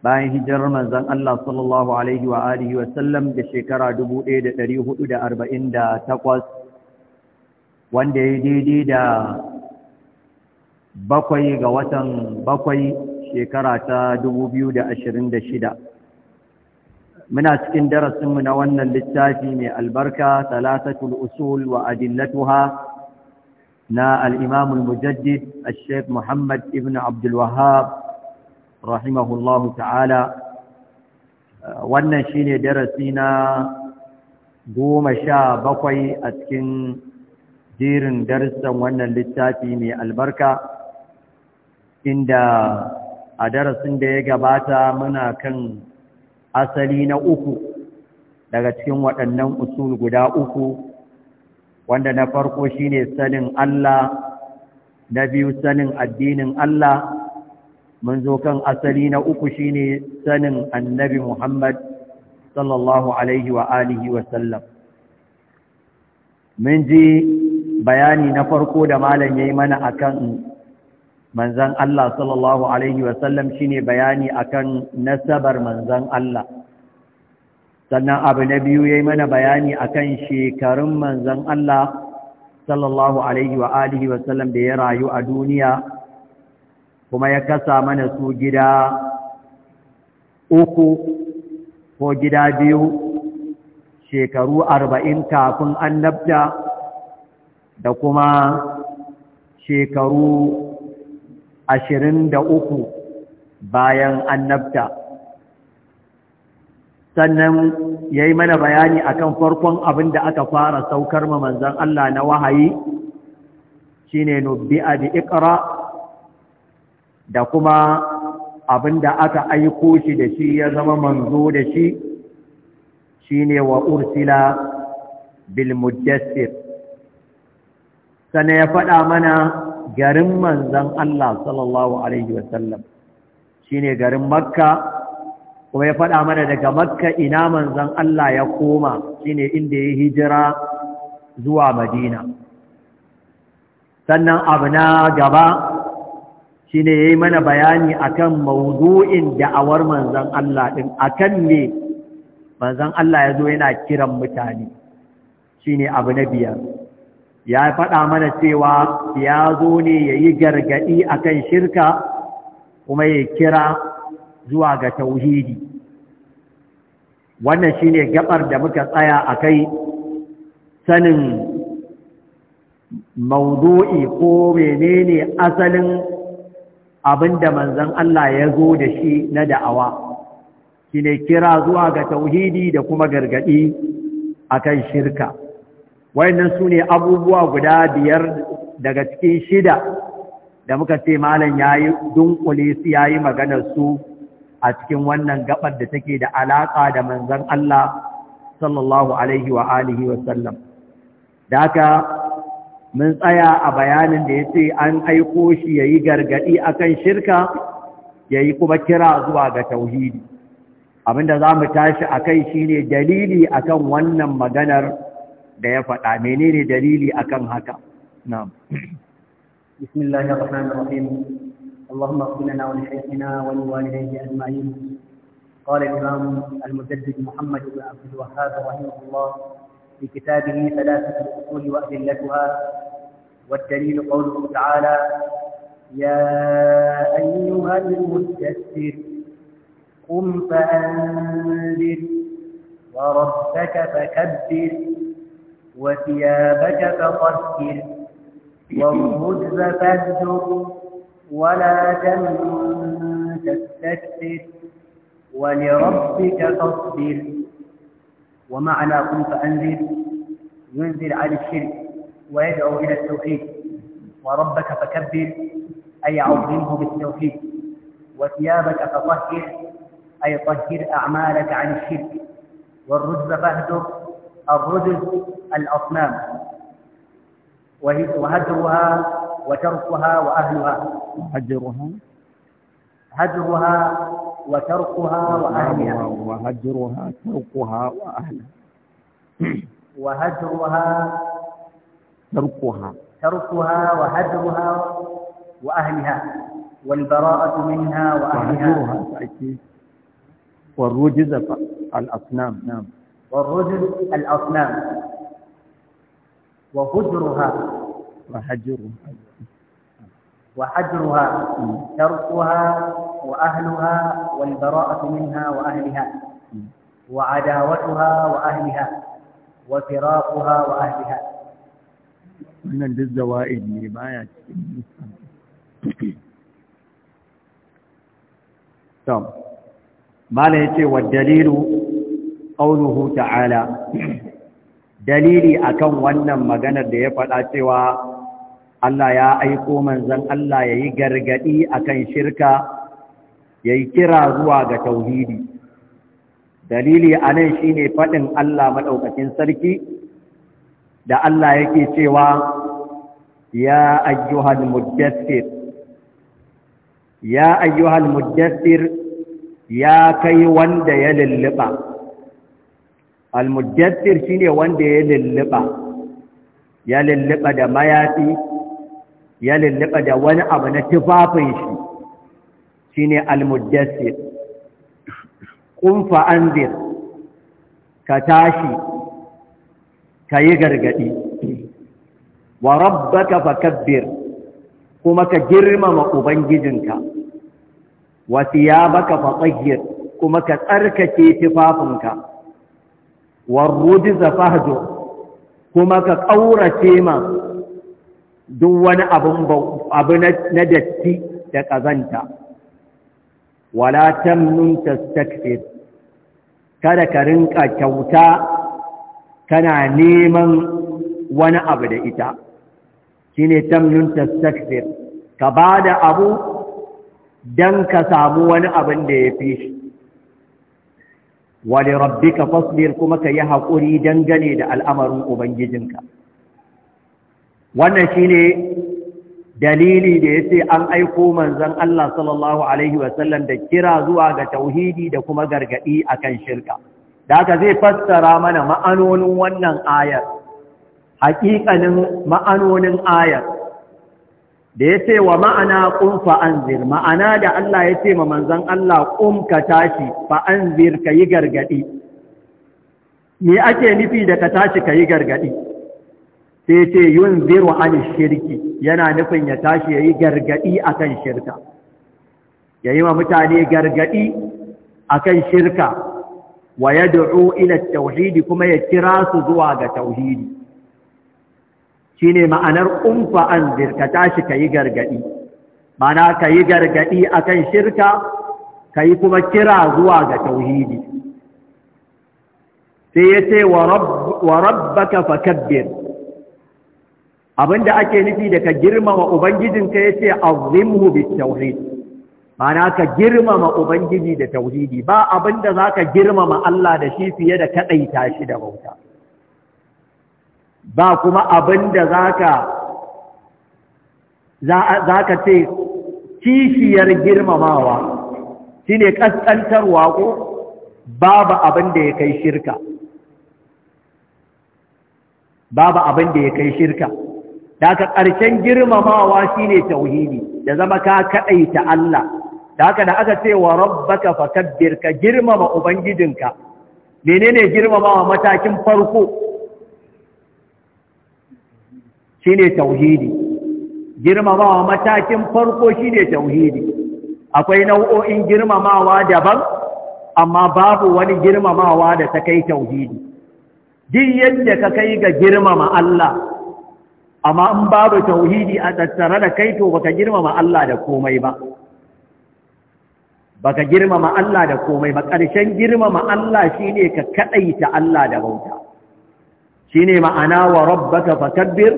bayan hijirar manzon Allah sallallahu alaihi wa alihi wa sallam da shekara 1448 wanda ya daidai da bakwai ga watan bakwai shekara ta 2026 muna cikin darasinmu na wannan littafi mai albarka talatatul usul wa adillatuha na al mujaddid al-sheikh Muhammad ibn Abdul rahimahullahu ta'ala wannan shine darasi na goma sha bakwai a cikin jerin darussan wannan littafi mai albarka inda a darasin da ya gabata muna kan asali na uku daga cikin waɗannan usul guda uku wanda na farko shine sanin Allah na biyu sanin addinin Allah mun zo kan asali na uku shine sanin annabi Muhammad sallallahu alaihi wa alihi wa sallam mun ji bayani na farko da malam yayi mana akan manzan Allah sallallahu alaihi wa sallam shine bayani akan nasabar manzan Allah sannan abu na biyu yayi mana bayani akan shekarun manzan Allah sallallahu alaihi wa alihi wa sallam da ya rayu a duniya kuma ya kasa mana su gida uku ko gida biyu shekaru arba'in kafin annabta da kuma shekaru ashirin da uku bayan annabta sannan ya yi mana bayani akan farkon abin da aka fara saukar ma manzan Allah na wahayi shine a bi iqra da kuma abin da aka aiko shi da shi ya zama manzo da shi shine wa ursila bil mujassir sana ya faɗa mana garin manzan Allah sallallahu alaihi wasallam shine garin makka kuma ya faɗa mana daga makka ina manzon Allah ya koma shine inda ya hijira zuwa madina sannan abu na gaba shine yi mana bayani a kan mawdu'in da'awar manzon Allah a kan ne? manzon Allah ya zo yana kiran mutane shi ne abu na biyar ya faɗa mana cewa ya zo ne ya yi gargaɗi a kan shirka kuma ya kira zuwa ga tauhidi wannan shi ne gaɓar da muka tsaya a kai sanin mawdu'i ko menene asalin abinda manzon Allah ya zo da shi na da'awa shine kira zuwa ga tauhidi da kuma gargadi akan shirka wayannan sune abubuwa guda biyar daga cikin shida da muka ce malam yayi dunkule su yayi maganar su a cikin wannan gabar da take da alaƙa da manzon Allah sallallahu alaihi wa alihi wa da haka mun tsaya a bayanin da ya ce an aiko shi ya yi gargaɗi a kan shirka ya yi kuma kira zuwa ga tauhidi abinda za mu tashi a kai shi ne dalili a kan wannan maganar da ya faɗa menene dalili a kan haka na'am bismillahir rahmanir rahim اللهم اغفر لنا ولشيخنا ولوالديه اجمعين قال الامام المجدد محمد بن عبد الوهاب رحمه الله في كتابه ثلاثة الأصول وأدلتها والدليل قوله تعالى يا أيها المدثر قم فأنذر وربك فكبر وثيابك فطهر والرجز فاهجر ولا تمن تستكثر ولربك فاصبر ومعنى قل فأنزل ينزل عن الشرك ويدعو إلى التوحيد وربك فكبر أي عظمه بالتوحيد وثيابك فطهر أي طهر أعمالك عن الشرك والرجز فاهدر الرجز الأصنام وهدرها وتركها وأهلها هدرها هدرها وتركها وأهلها وهجرها تركها وأهلها وهجرها تركها تركها وهجرها وأهلها والبراءة منها وأهلها وهجرها والرجز الأصنام نعم والرجز الأصنام وهجرها وهجرها وحجرها تركها وأهلها والبراءة منها وأهلها وعداوتها وأهلها وفراقها وأهلها wannan duk zawa'id ne baya cikin to mala yace wa dalilu ta'ala dalili akan wannan maganar da ya faɗa cewa Allah ya aiko manzon Allah yayi gargadi akan shirka ya yi kira zuwa ga tauhidi dalili a nan shi ne faɗin Allah maɗaukakin sarki da Allah yake cewa ya ayyuhal muddassir ya ayyuhal muddassir ya kai wanda ya lulluɓa al-muddassir shi ne wanda ya lulluɓa ya lulluɓa da mayafi ya lulluɓa da wani abu na tufafin shi shine ne muddassir qum anzir ka tashi kayi gargadi wa rabbaka fakabbir kuma ka girmama ubangijinka wa thiyabaka fatahhir kuma ka tsarkake tufafinka Wa rujza fahjur kuma ka ƙaurace ma duk wani abu na datti da ƙazanta wala tamnun tastakfir kada ka rinka kyauta kana neman wani abu da ita shine tamnun tastakfir ka bada abu dan ka samu wani abin da ya fi shi wali rabbika fasbir kuma ka yi haƙuri dangane da al'amarin ubangijinka wannan shine dalili da yace an aiko manzon Allah sallallahu alaihi wasallam da kira zuwa ga tauhidi da kuma gargadi akan shirka da haka zai fassara mana ma'anonin wannan ayar haƙiƙanin ma'anonin ayar da yace wa ma'ana qum fa ma'ana da Allah yace ma manzon Allah qum ka tashi fa anzir yi gargadi me ake nufi da ka tashi kayi gargadi sai ce yunziru an shirki yana nufin ya tashi yayi gargadi akan shirka yayi wa mutane gargadi akan shirka wa ya ila at tauhidi kuma ya kira su zuwa ga tauhidi shine ma'anar umfa an zirka tashi kayi gargadi mana kayi gargadi akan shirka kayi kuma kira zuwa ga tauhidi sai yace wa rabbaka fakabbir Abin da ake nufi da ka girmama ubangijinka yace azimhu tauhid mana ka girmama ubangiji da tauhidi ba abin za zaka girmama Allah da shi fiye da kaɗaita shi da bauta ba kuma abin da zaka ka ce kishiyar girmamawa shine kaskantarwa ko babu abin ya kai shirka babu abinda ya kai shirka da ka ƙarshen girmamawa shine tauhidi da zama ka kaɗaita Allah da haka da aka ce wa rabbaka fakabbir ka girmama ubangijinka menene girmamawa matakin farko shine tauhidi girmamawa matakin farko shine tauhidi akwai nau'o'in girmamawa daban amma babu wani girmamawa da ta kai tauhidi duk yadda ka kai ga girmama Allah amma in babu tauhidi a tattare da kai to baka girmama Allah da komai ba baka girmama Allah da komai ba ƙarshen girmama Allah shine ka kadaita Allah da bauta shine ma'ana wa rabbaka fakabbir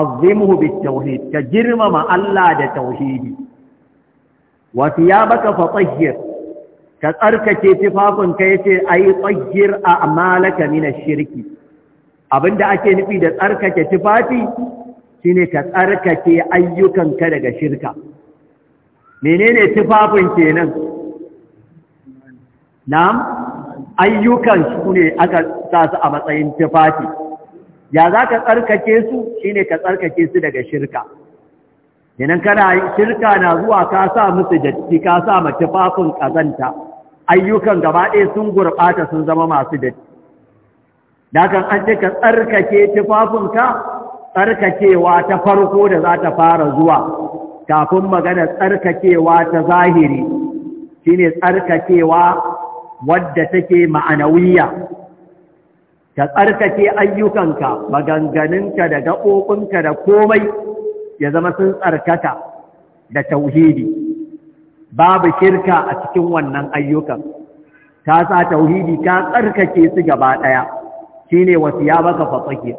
azimhu bitawhid ka girmama Allah da tauhidi wa thiyabaka fatahhir ka tsarkake ka yace ai tsahhir a'malaka min ash-shirki Abin da ake nufi da tsarkake tufafi shine ka tsarkake ayyukanka daga shirka menene tufafin kenan na'am ayyukan su ne aka sa a matsayin tufafi ya za ka tsarkake su Shi ne ka tsarkake su daga shirka yanan kana shirka na zuwa ka sa musu datti ka sa ma tufafin ƙazanta. ayyukan gaba ɗaya sun gurɓata sun zama masu datti Dakan an ce ka tsarkake tufafinka tsarkakewa ta farko da za ta fara zuwa, kafin magana tsarkakewa ta zahiri, shine tsarkakewa wadda take ma'anawiya. Ka tsarkake ayyukanka, maganganunka da gaɓoɓinka da komai ya zama sun tsarkaka da tauhidi. Babu shirka a cikin wannan ayyukan, ta sa tauhidi ta tsarkake su gaba ɗaya. ne wasu ya baka fatsake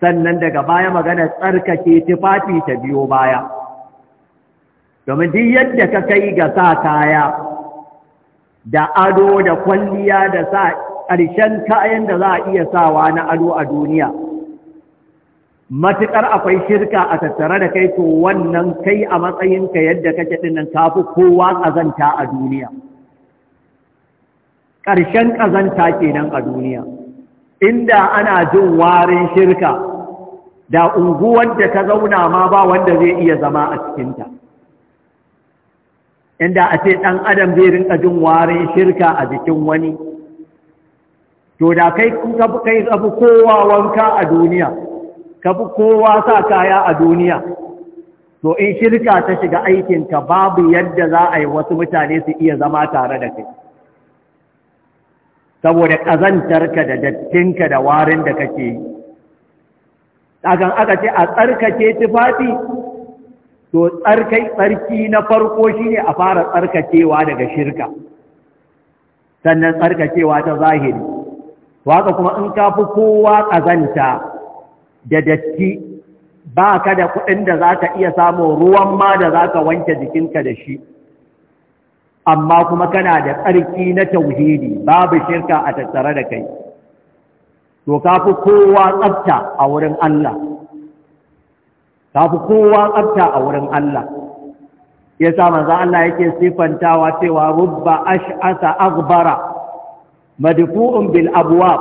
sannan daga baya magana tsarkake tufafi ta biyo baya domin duk yadda ka kai ga sa kaya da ado da kwalliya da sa ƙarshen kayan da za a iya sawa na ado a duniya matuƙar akwai shirka a tattare da kai to wannan kai a matsayinka yadda kake ɗinnan ka kowa ƙazanta a duniya ƙarshen ƙazanta kenan a duniya inda ana jin warin shirka da unguwar da ka zauna ma ba wanda zai iya zama a cikinta inda a ce ɗan adam zai rinka jin warin shirka a jikin wani to da kai kai kafi kowa wanka a duniya kafi kowa sa kaya a duniya to in shirka ta shiga aikinka babu yadda za a yi wasu mutane su iya zama tare da kai saboda ƙazantarka da dattinka da warin da kake yi akan aka ce a tsarkake tufafi to tsarkai tsarki na farko shine a fara tsarkakewa daga shirka sannan tsarkakewa ta zahiri waka kuma in ka fi kowa ƙazanta da datti ba ka da kuɗin da zaka iya samun ruwan ma da zaka wanke jikinka da shi amma kuma kana da tsarki na tauhidi babu shirka a tattare da kai to kafi kowa tsafta a wurin Allah kafi kowa tsafta a wurin Allah yasa manzo Allah yake sifantawa cewa rubba ash'asa aghbara madfu'un bil abwab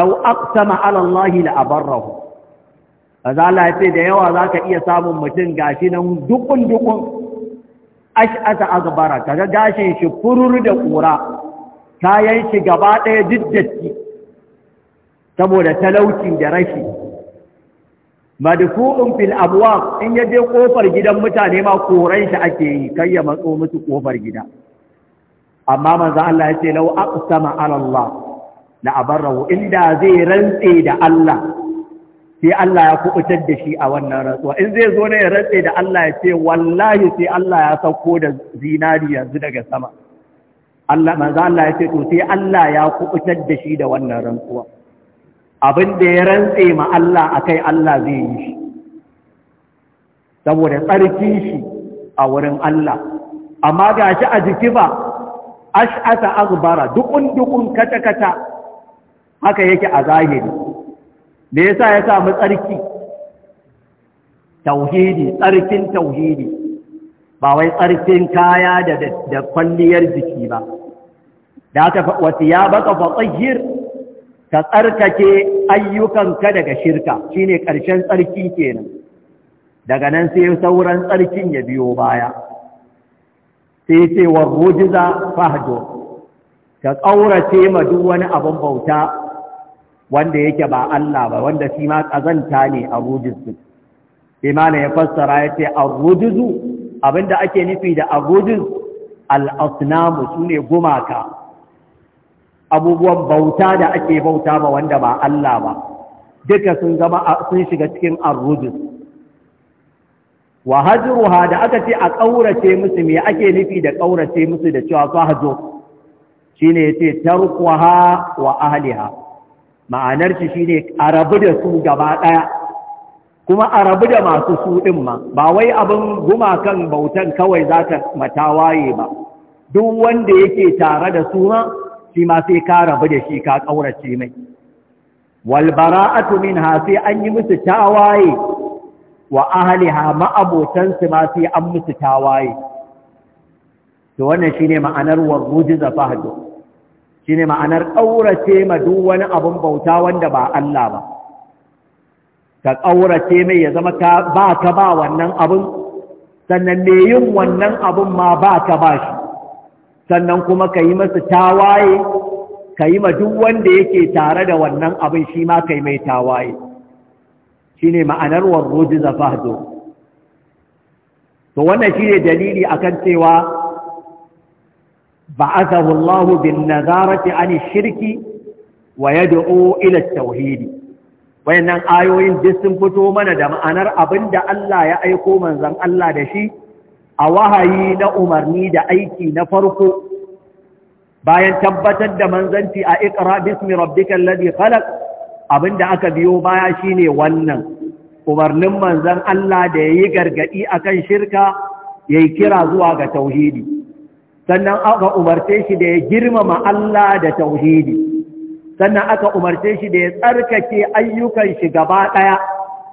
law aqsama ala Allah la abarahu manzo Allah yace da yawa zaka iya samun mutum gashi nan dukun dukun ash'asa azbara kaga gashin shi furur da kura ta yanki gaba ɗaya datti saboda talauci da rashi madfu'un fil abwaq in yaje kofar gidan mutane ma koran shi ake yi kai ya matso musu kofar gida amma manzo Allah yace law aqsama ala Allah la abarahu inda zai rantse da Allah sai Allah ya kubutar da shi a wannan rantsuwa in zai zo ne ya rantse da Allah ya ce wallahi sai Allah ya sauko da zinari yanzu daga sama Allah manzo Allah ya ce to sai Allah ya kubutar da shi da wannan rantsuwa abin da ya rantse ma Allah a kai Allah zai yi shi saboda tsarki shi a wurin Allah amma ga shi a jiki ba ash'ata aghbara dukun dukun kata kata haka yake a zahiri me yasa ya samu tsarki tauhidi tsarkin tauhidi ba wai tsarkin kaya da kwalliyar jiki ba da aka wasu ya baka fatsahir ka tsarkake ayyukanka daga shirka shine ƙarshen tsarki kenan daga nan sai sauran tsarkin ya biyo baya sai ce wa rujiza fahdo ka ƙaurace ma duk wani abin bauta wanda yake ba Allah ba wanda shi ma kazanta ne a rujizu sai ya fassara yace ce a rujizu abinda ake nufi da a al al'asnamu su ne gumaka abubuwan bauta da ake bauta ba wanda ba Allah ba duka sun zama sun shiga cikin arrujus wa hajruha da aka ce a ƙaurace musu me ake nufi da ƙaurace musu da cewa su hajo shine yace tarkuha wa ahliha ma'anar shi ne a rabu da su gaba ɗaya kuma a rabu da masu su ɗin ma ba wai abin gumakan bautan kawai za ta matawaye ba duk wanda yake tare da su ma shi ma sai ka rabu da shi ka ƙaurace mai Walbara atumin ha sai an yi musu tawaye wa ahliha ma'abotansu ma sai an musu tawaye to wannan shine ma'anar wa rujiza fahadu Shi ne ma'anar ƙaurace ma duk wani abin bauta wanda ba Allah ba ka ƙaurace mai ya zama ka ba ka ba wannan abun sannan me yin wannan abun ma ba ka ba shi sannan kuma ka yi masa tawaye ka yi ma duk wanda yake tare da wannan abin shi ma ka yi mai tawaye Shi ne ma'anar warruji zafahdo to wannan ne dalili akan cewa ba'athahu Allah bin nazarati an shirki wa yad'u ila at-tauhid wayannan ayoyin duk sun fito mana da ma'anar abinda Allah ya aiko manzon Allah da shi a wahayi na umarni da aiki na farko bayan tabbatar da manzanci a iqra bismi rabbikal ladhi khalaq abinda aka biyo baya shine wannan umarnin manzon Allah da yayi gargadi akan shirka yayi kira zuwa ga tauhidi sannan aka umarce shi da ya girmama Allah da tauhidi sannan aka umarce shi da ya tsarkake ayyukan shi gaba ɗaya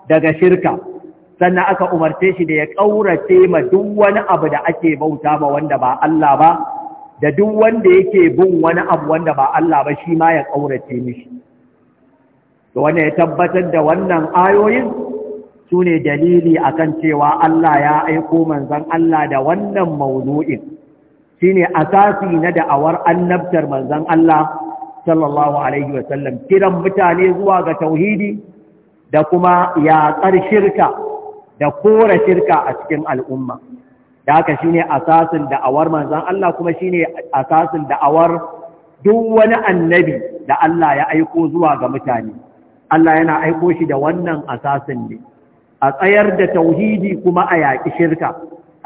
daga shirka sannan aka umarce shi da ya ƙaurace ma duk wani abu da ake bauta ba wanda ba Allah ba da duk wanda yake bin wani abu wanda ba Allah ba shi ma ya ƙaurace mishi to wannan ya tabbatar da wannan ayoyin su ne dalili akan cewa Allah ya aiko manzon Allah da wannan maudu'in shine asasi na da'awar annabtar manzon Allah sallallahu alaihi wasallam kiran mutane zuwa ga tauhidi da kuma yaƙar shirka da kora shirka a cikin al'umma da haka shine asasin da'awar manzan Allah kuma shine asasin da'awar duk wani annabi da Allah ya aiko zuwa ga mutane Allah yana aiko shi da wannan asasin ne a tsayar da tauhidi kuma a yaƙi shirka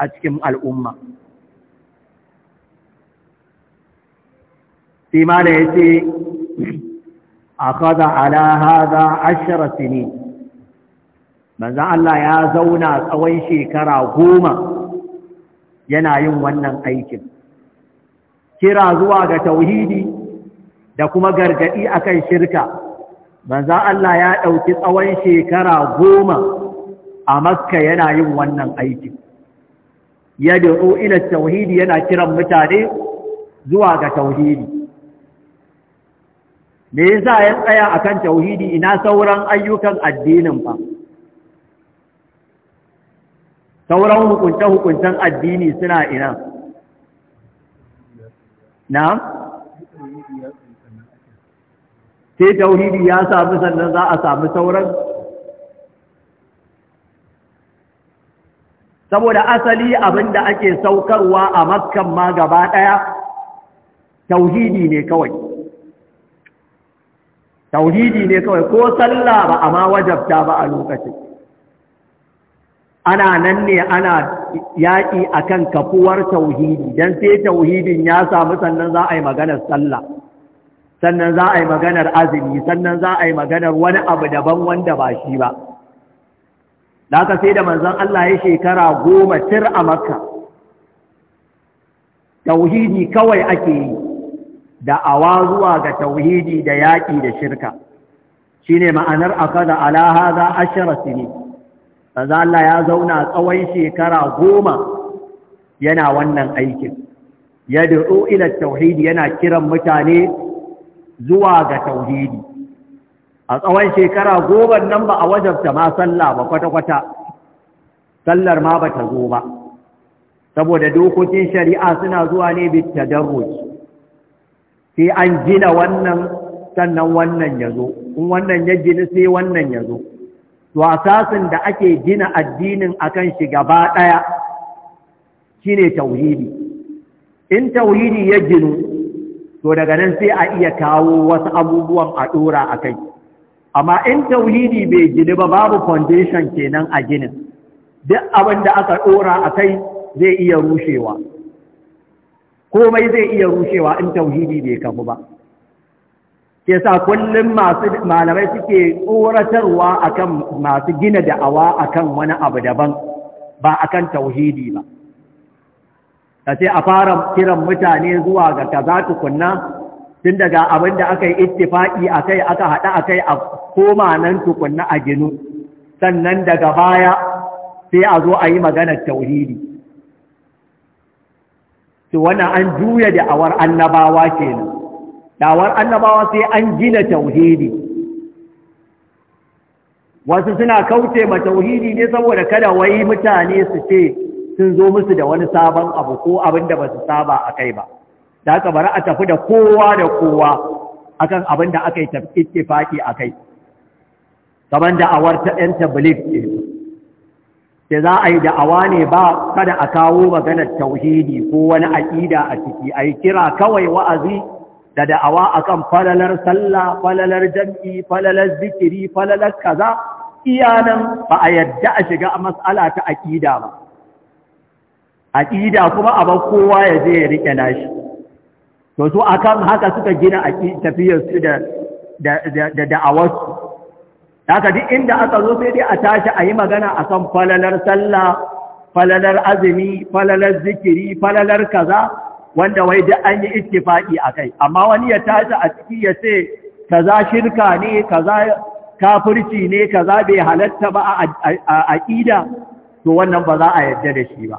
a cikin al'umma sai da ya ce a kaza ala a ashara sini manzan Allah ya zauna tsawon shekara goma yana yin wannan aikin kira zuwa ga tauhidi da kuma a akan shirka manzan Allah ya ɗauki tsawon shekara goma a makka yana yin wannan aikin ya ila tauhidi yana kiran mutane zuwa ga tauhidi me yasa ya tsaya akan tauhidi ina sauran ayyukan addinin fa sauran hukunce-hukuncen addini suna ina na? sai tauhidi ya sami sannan za a sami sauran saboda asali abinda ake saukarwa a makkan ma gaba ɗaya tauhidi ne kawai tauhidi ne kawai ko sallah ba amma wajabta ba a lokacin ana nan ne ana yaƙi akan kafuwar tauhidi don sai tauhidin ya samu sannan za a yi maganar sallah sannan za a yi maganar azumi sannan za a yi maganar wani abu daban wanda ba shi ba da aka sai da manzon Allah ya shekara goma tir a makka tauhidi kawai ake yi da'awa zuwa ga tauhidi da yaƙi da shirka Shi ne ma'anar a alaha za ne ba za Allah ya zauna tsawon shekara goma yana wannan aikin Ya daɗo ila tauhidi yana kiran mutane zuwa ga tauhidi a tsawon shekara goma nan ba a wajabta ma sallah ba kwata-kwata sallar ma ba ta zo ba saboda dokokin shari'a suna zuwa ne bitadarruci sai an gina wannan sannan wannan ya zo in wannan ya gina sai wannan ya zo to asasin da ake gina addinin akan shi gaba ɗaya shine tauhidi in tauhidi ya ginu to daga nan sai a iya kawo wasu abubuwan a ɗora akai. amma in tauhidi bai gini ba babu foundation kenan a ginin duk abin da aka ɗora akai zai iya rushewa komai zai iya rushewa in tauhidi bai kafu ba ke sa kullum masu malamai suke tsoratarwa akan masu gina da'awa akan wani abu daban ba akan tauhidi ba ka ce a fara kiran mutane zuwa ga kaza tukunna tun daga abin da aka yi ittifaƙi a kai aka haɗa a kai a koma nan tukunna a ginu sannan daga baya sai a zo a yi maganar tauhidi to wannan an juya da awar annabawa kenan dawar annabawa sai an gina tauhidi wasu suna kauce ma tauhidi ne saboda kada wai mutane su ce sun zo musu da wani sabon abu ko abin da ba su saba a kai ba da aka bari a tafi da kowa da kowa akan abin da aka yi ittifaki a kai saman da awar ta 'yan ke da za a yi da'awa ne ba kada a kawo maganar tauhidi ko wani aƙida a ciki a yi kira kawai wa'azi da da'awa a kan falalar sallah falalar jam'i falalar zikiri falalar kaza iyanan ba a yadda a shiga a matsala ta aƙida ba aƙida kuma abin kowa ya je ya riƙe nashi to su akan haka suka gina tafiyarsu da da'awarsu haka duk inda aka zo sai dai a tashi a yi magana a kan falalar sallah falalar azumi falalar zikiri falalar kaza wanda wai duk an yi ittifaki a kai amma wani ya tashi a ciki ya ce kaza shirka ne kaza kafirci ne kaza bai halatta ba a aƙida to wannan ba za a yarda da shi ba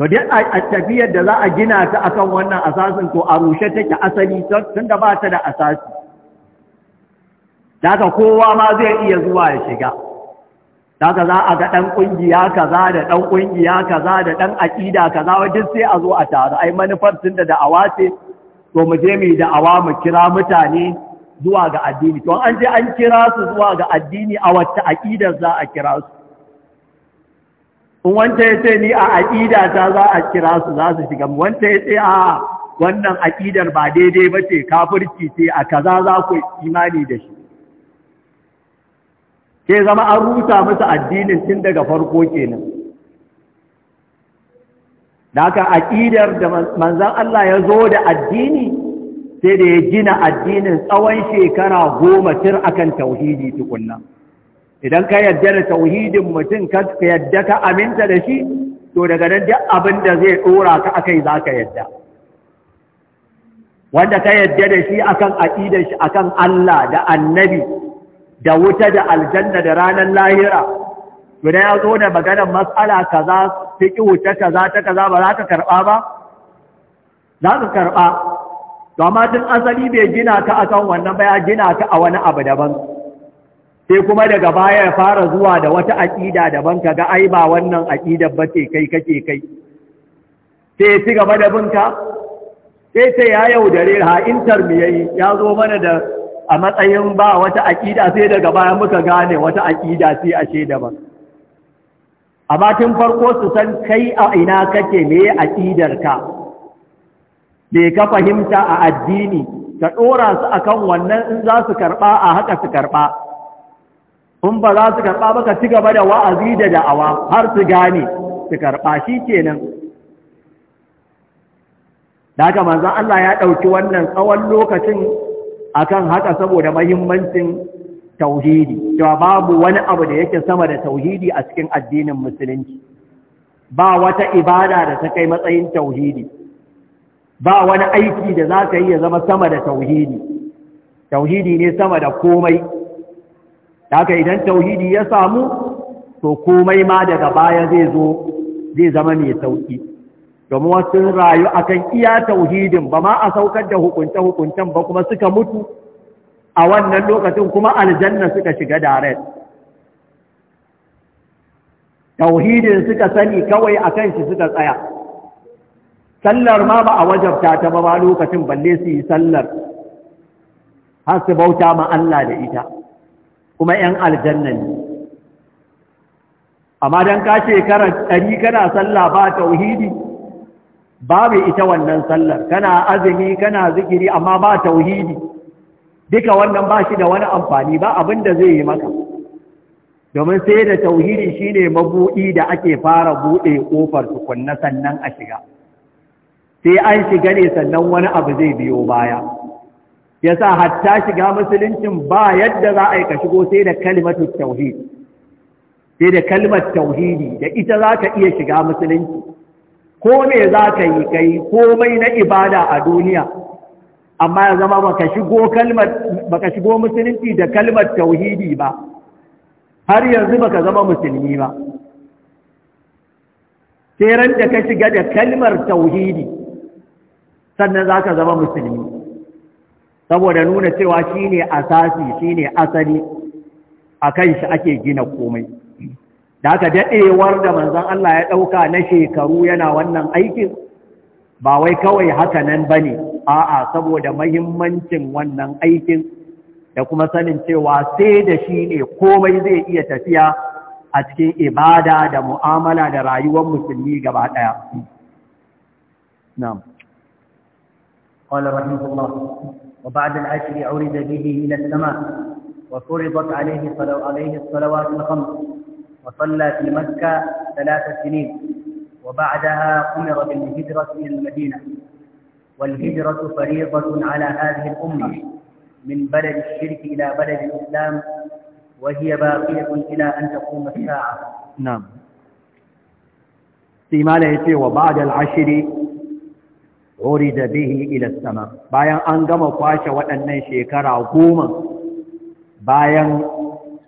to duk a tafiyar da za a gina ta akan wannan asasin to a rushe take asali tun da ba ta da asasi da kowa ma zai iya zuwa ya shiga daga za a ga ɗan ƙungiya kaza da ɗan ƙungiya kaza da ɗan aƙida kaza wajen sai a zo a taru ai manufar tun da da'awa ce to mu je mu da'awa mu kira mutane zuwa ga addini to an je an kira su zuwa ga addini a wacce aƙidar za a kira su in wanda ya ce ni a aƙida ta za a kira su za su shiga wanda ya ce a wannan aƙidar ba daidai ba ce kafirci ce a kaza za ku imani da shi sai zama an rusa masa addinin tun daga farko kenan da haka aƙidar da manzan Allah ya zo da addini sai da ya gina addinin tsawon shekara goma tun akan tauhidi tukunna idan ka yadda da tauhidin mutum ka yadda ka aminta da shi to daga nan duk abin da zai ɗora ka akai za ka yadda wanda ka yadda da shi akan aƙidar shi akan Allah da annabi da wuta da aljanna da ranar lahira guda ya zo da maganar matsala kaza fiki wuta kaza ta kaza ba za ka karɓa ba za ka karɓa to tun asali bai gina ta akan wannan ba gina ta a wani abu daban sai kuma daga baya ya fara zuwa da wata aƙida daban kaga ai ba wannan aƙidar ba ce kai kake kai sai ci gaba da binka sai sai ya yaudare ha intar ya zo mana da a matsayin ba wata aƙida sai daga baya muka gane wata aƙida sai ashe ba A bakin farko su san kai a ina kake me aƙidarka me ka fahimta a addini ka ɗora su akan wannan in za su karɓa a haka su karɓa in ba za su karɓa ba ka ci gaba da wa'azi da da'awa har su gane su karɓa shi kenan da haka manzan Allah ya ɗauki wannan tsawon lokacin akan haka saboda mahimmancin tauhidi cewa babu wani abu da yake sama da tauhidi a cikin addinin musulunci ba wata ibada da ta kai matsayin tauhidi ba wani aiki da za ka yi ya zama sama da tauhidi tauhidi ne sama da komai haka idan tauhidi ya samu to komai ma daga baya zai zo zai zama mai sauki domin wasu rayu akan iya tauhidin ba ma a saukar da hukunce-hukuncen ba kuma suka mutu a wannan lokacin kuma aljanna suka shiga daren. tauhidin suka sani kawai akan shi suka tsaya sallar ma ba a wajabta ta ba lokacin balle su yi sallar har su bauta ma Allah da ita kuma 'yan aljanna ne amma don ka shekara ɗari kana sallah ba tauhidi babu ita wannan sallar kana azumi kana zikiri amma ba tauhidi duka wannan ba shi da wani amfani ba abin da zai yi maka domin sai da tauhidi shine mabuɗi da ake fara buɗe ƙofar tukunna sannan a shiga sai an shiga ne sannan wani abu zai biyo baya yasa hatta shiga musuluncin ba yadda za a yi ka shigo sai da kalmatu tauhidi sai da kalmar tauhidi da ita za ka iya shiga musulunci ko me za ka yi ka yi komai na ibada a duniya amma ya zama baka shigo kalmar shigo musulunci da kalmar tauhidi ba har yanzu baka zama musulmi ba sai da ka shiga da kalmar tauhidi sannan za ka zama musulmi saboda nuna cewa shine asasi shine asali a kan shi ake gina komai da aka daɗewar da manzan Allah ya ɗauka na shekaru yana wannan aikin ba wai kawai haka nan ba ne a'a saboda mahimmancin wannan aikin da kuma sanin cewa sai da shi ne komai zai iya tafiya a cikin ibada da mu'amala da rayuwar musulmi gaba ɗaya. وبعد العشر عرض به إلى السماء وفرضت عليه الصلوات الخمس وصلى في مكة ثلاث سنين وبعدها أمر بالهجرة إلى المدينة والهجرة فريضة على هذه الأمة من بلد الشرك إلى بلد الإسلام وهي باقية إلى أن تقوم الساعة نعم في ما ya وبعد العشر ba به إلى السماء da bihi ilastama وأن an gama kwashe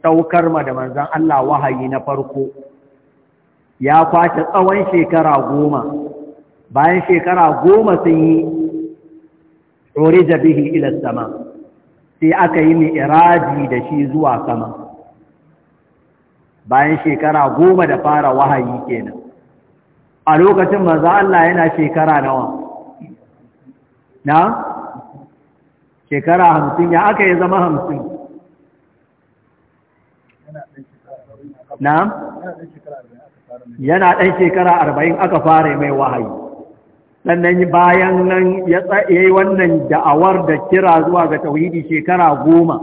ɗaukar ma da manzan Allah wahayi na farko ya kwace tsawon shekara goma bayan shekara goma sun yi tsori da bihi ilar sama sai aka yi mi'iraji da shi zuwa sama bayan shekara goma da fara wahayi kenan a lokacin maza Allah yana shekara nawa na shekara hamsin ya aka yi zama hamsin na'am yana ɗan shekara arba'in aka fara mai wahayi sannan bayan nan ya yi wannan da'awar da kira zuwa ga tauhidi shekara goma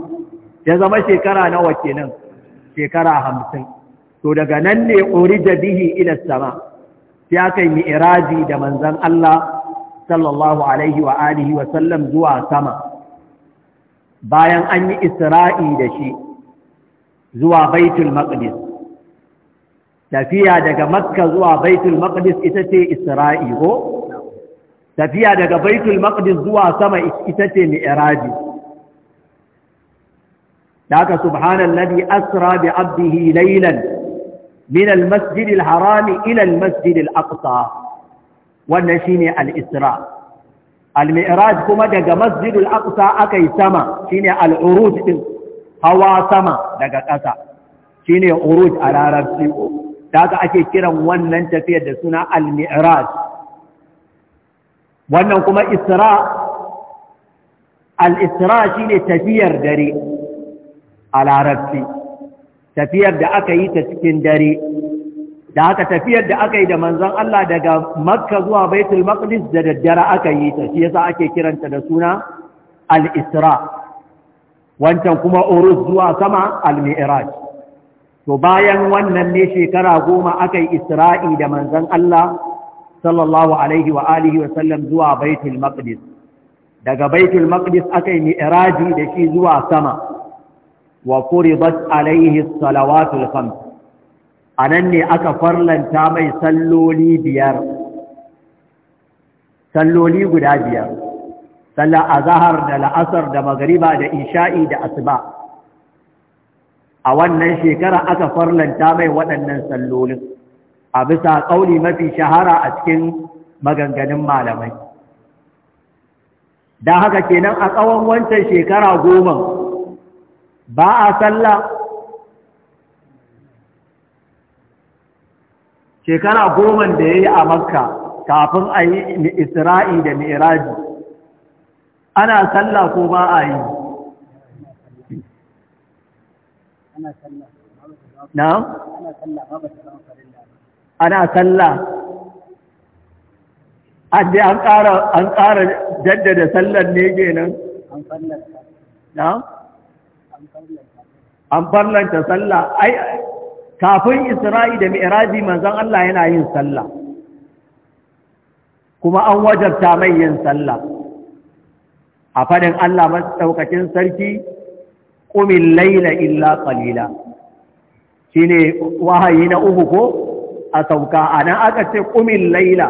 ya zama shekara nawa kenan shekara hamsin to daga nan ne da bihi ila sama sai aka yi iradi da manzon Allah sallallahu alaihi wa alihi wa sallam zuwa sama bayan an yi isra'i da shi zuwa baitul maqdis tafiya daga makka zuwa baitul maqdis ita ce isra'i ko tafiya daga baitul maqdis zuwa sama ita ce mi'raji daga subhanallazi asra bi abdihi laylan min almasjidil harami ila almasjidil aqsa wannan shine al-isra al-mi'raj kuma daga masjidil aqsa akai sama shine al-uruj hawa sama daga ƙasa shine uruj a larabci da haka ake kiran wannan tafiyar da suna al-mi'raj wannan kuma isra al-isra shine tafiyar dare a larabci tafiyar da aka yi ta cikin dare da haka tafiyar da aka yi da manzon Allah daga makka zuwa baitul maqdis da daddare aka yi ta shi yasa ake kiranta da suna al-isra wancan kuma uruz zuwa sama al-mi'raj to bayan wannan ne shekara goma aka yi isra'i da manzan Allah sallallahu alaihi wa alihi wasallam zuwa baitul maqdis daga baitul maqdis aka yi da shi zuwa sama wa furidat alaihi salawatul khams nan ne aka farlanta mai salloli biyar salloli guda biyar sallar azahar da la'asar da magriba da isha'i da asuba a wannan shekara aka farlanta mai waɗannan sallolin a bisa ƙauli mafi shahara a cikin maganganun malamai Da haka kenan a tsawon wancan shekara goma ba a salla shekara goma da ya yi a makka kafin a yi isra'i da mi'iraji ana sallah ko ba a yi na'am ana sallah an je an ƙara an ƙara jaddada sallar ne kenan an farlanta na'am an farlanta sallah ai kafin isra'i da mi'raji manzon Allah yana yin sallah kuma an wajabta mai yin sallah a fadin Allah ɗaukakin sarki ƙumin laila illa kalila shi ne wahayi na uku ko a sauka a nan aka ce ƙumin laila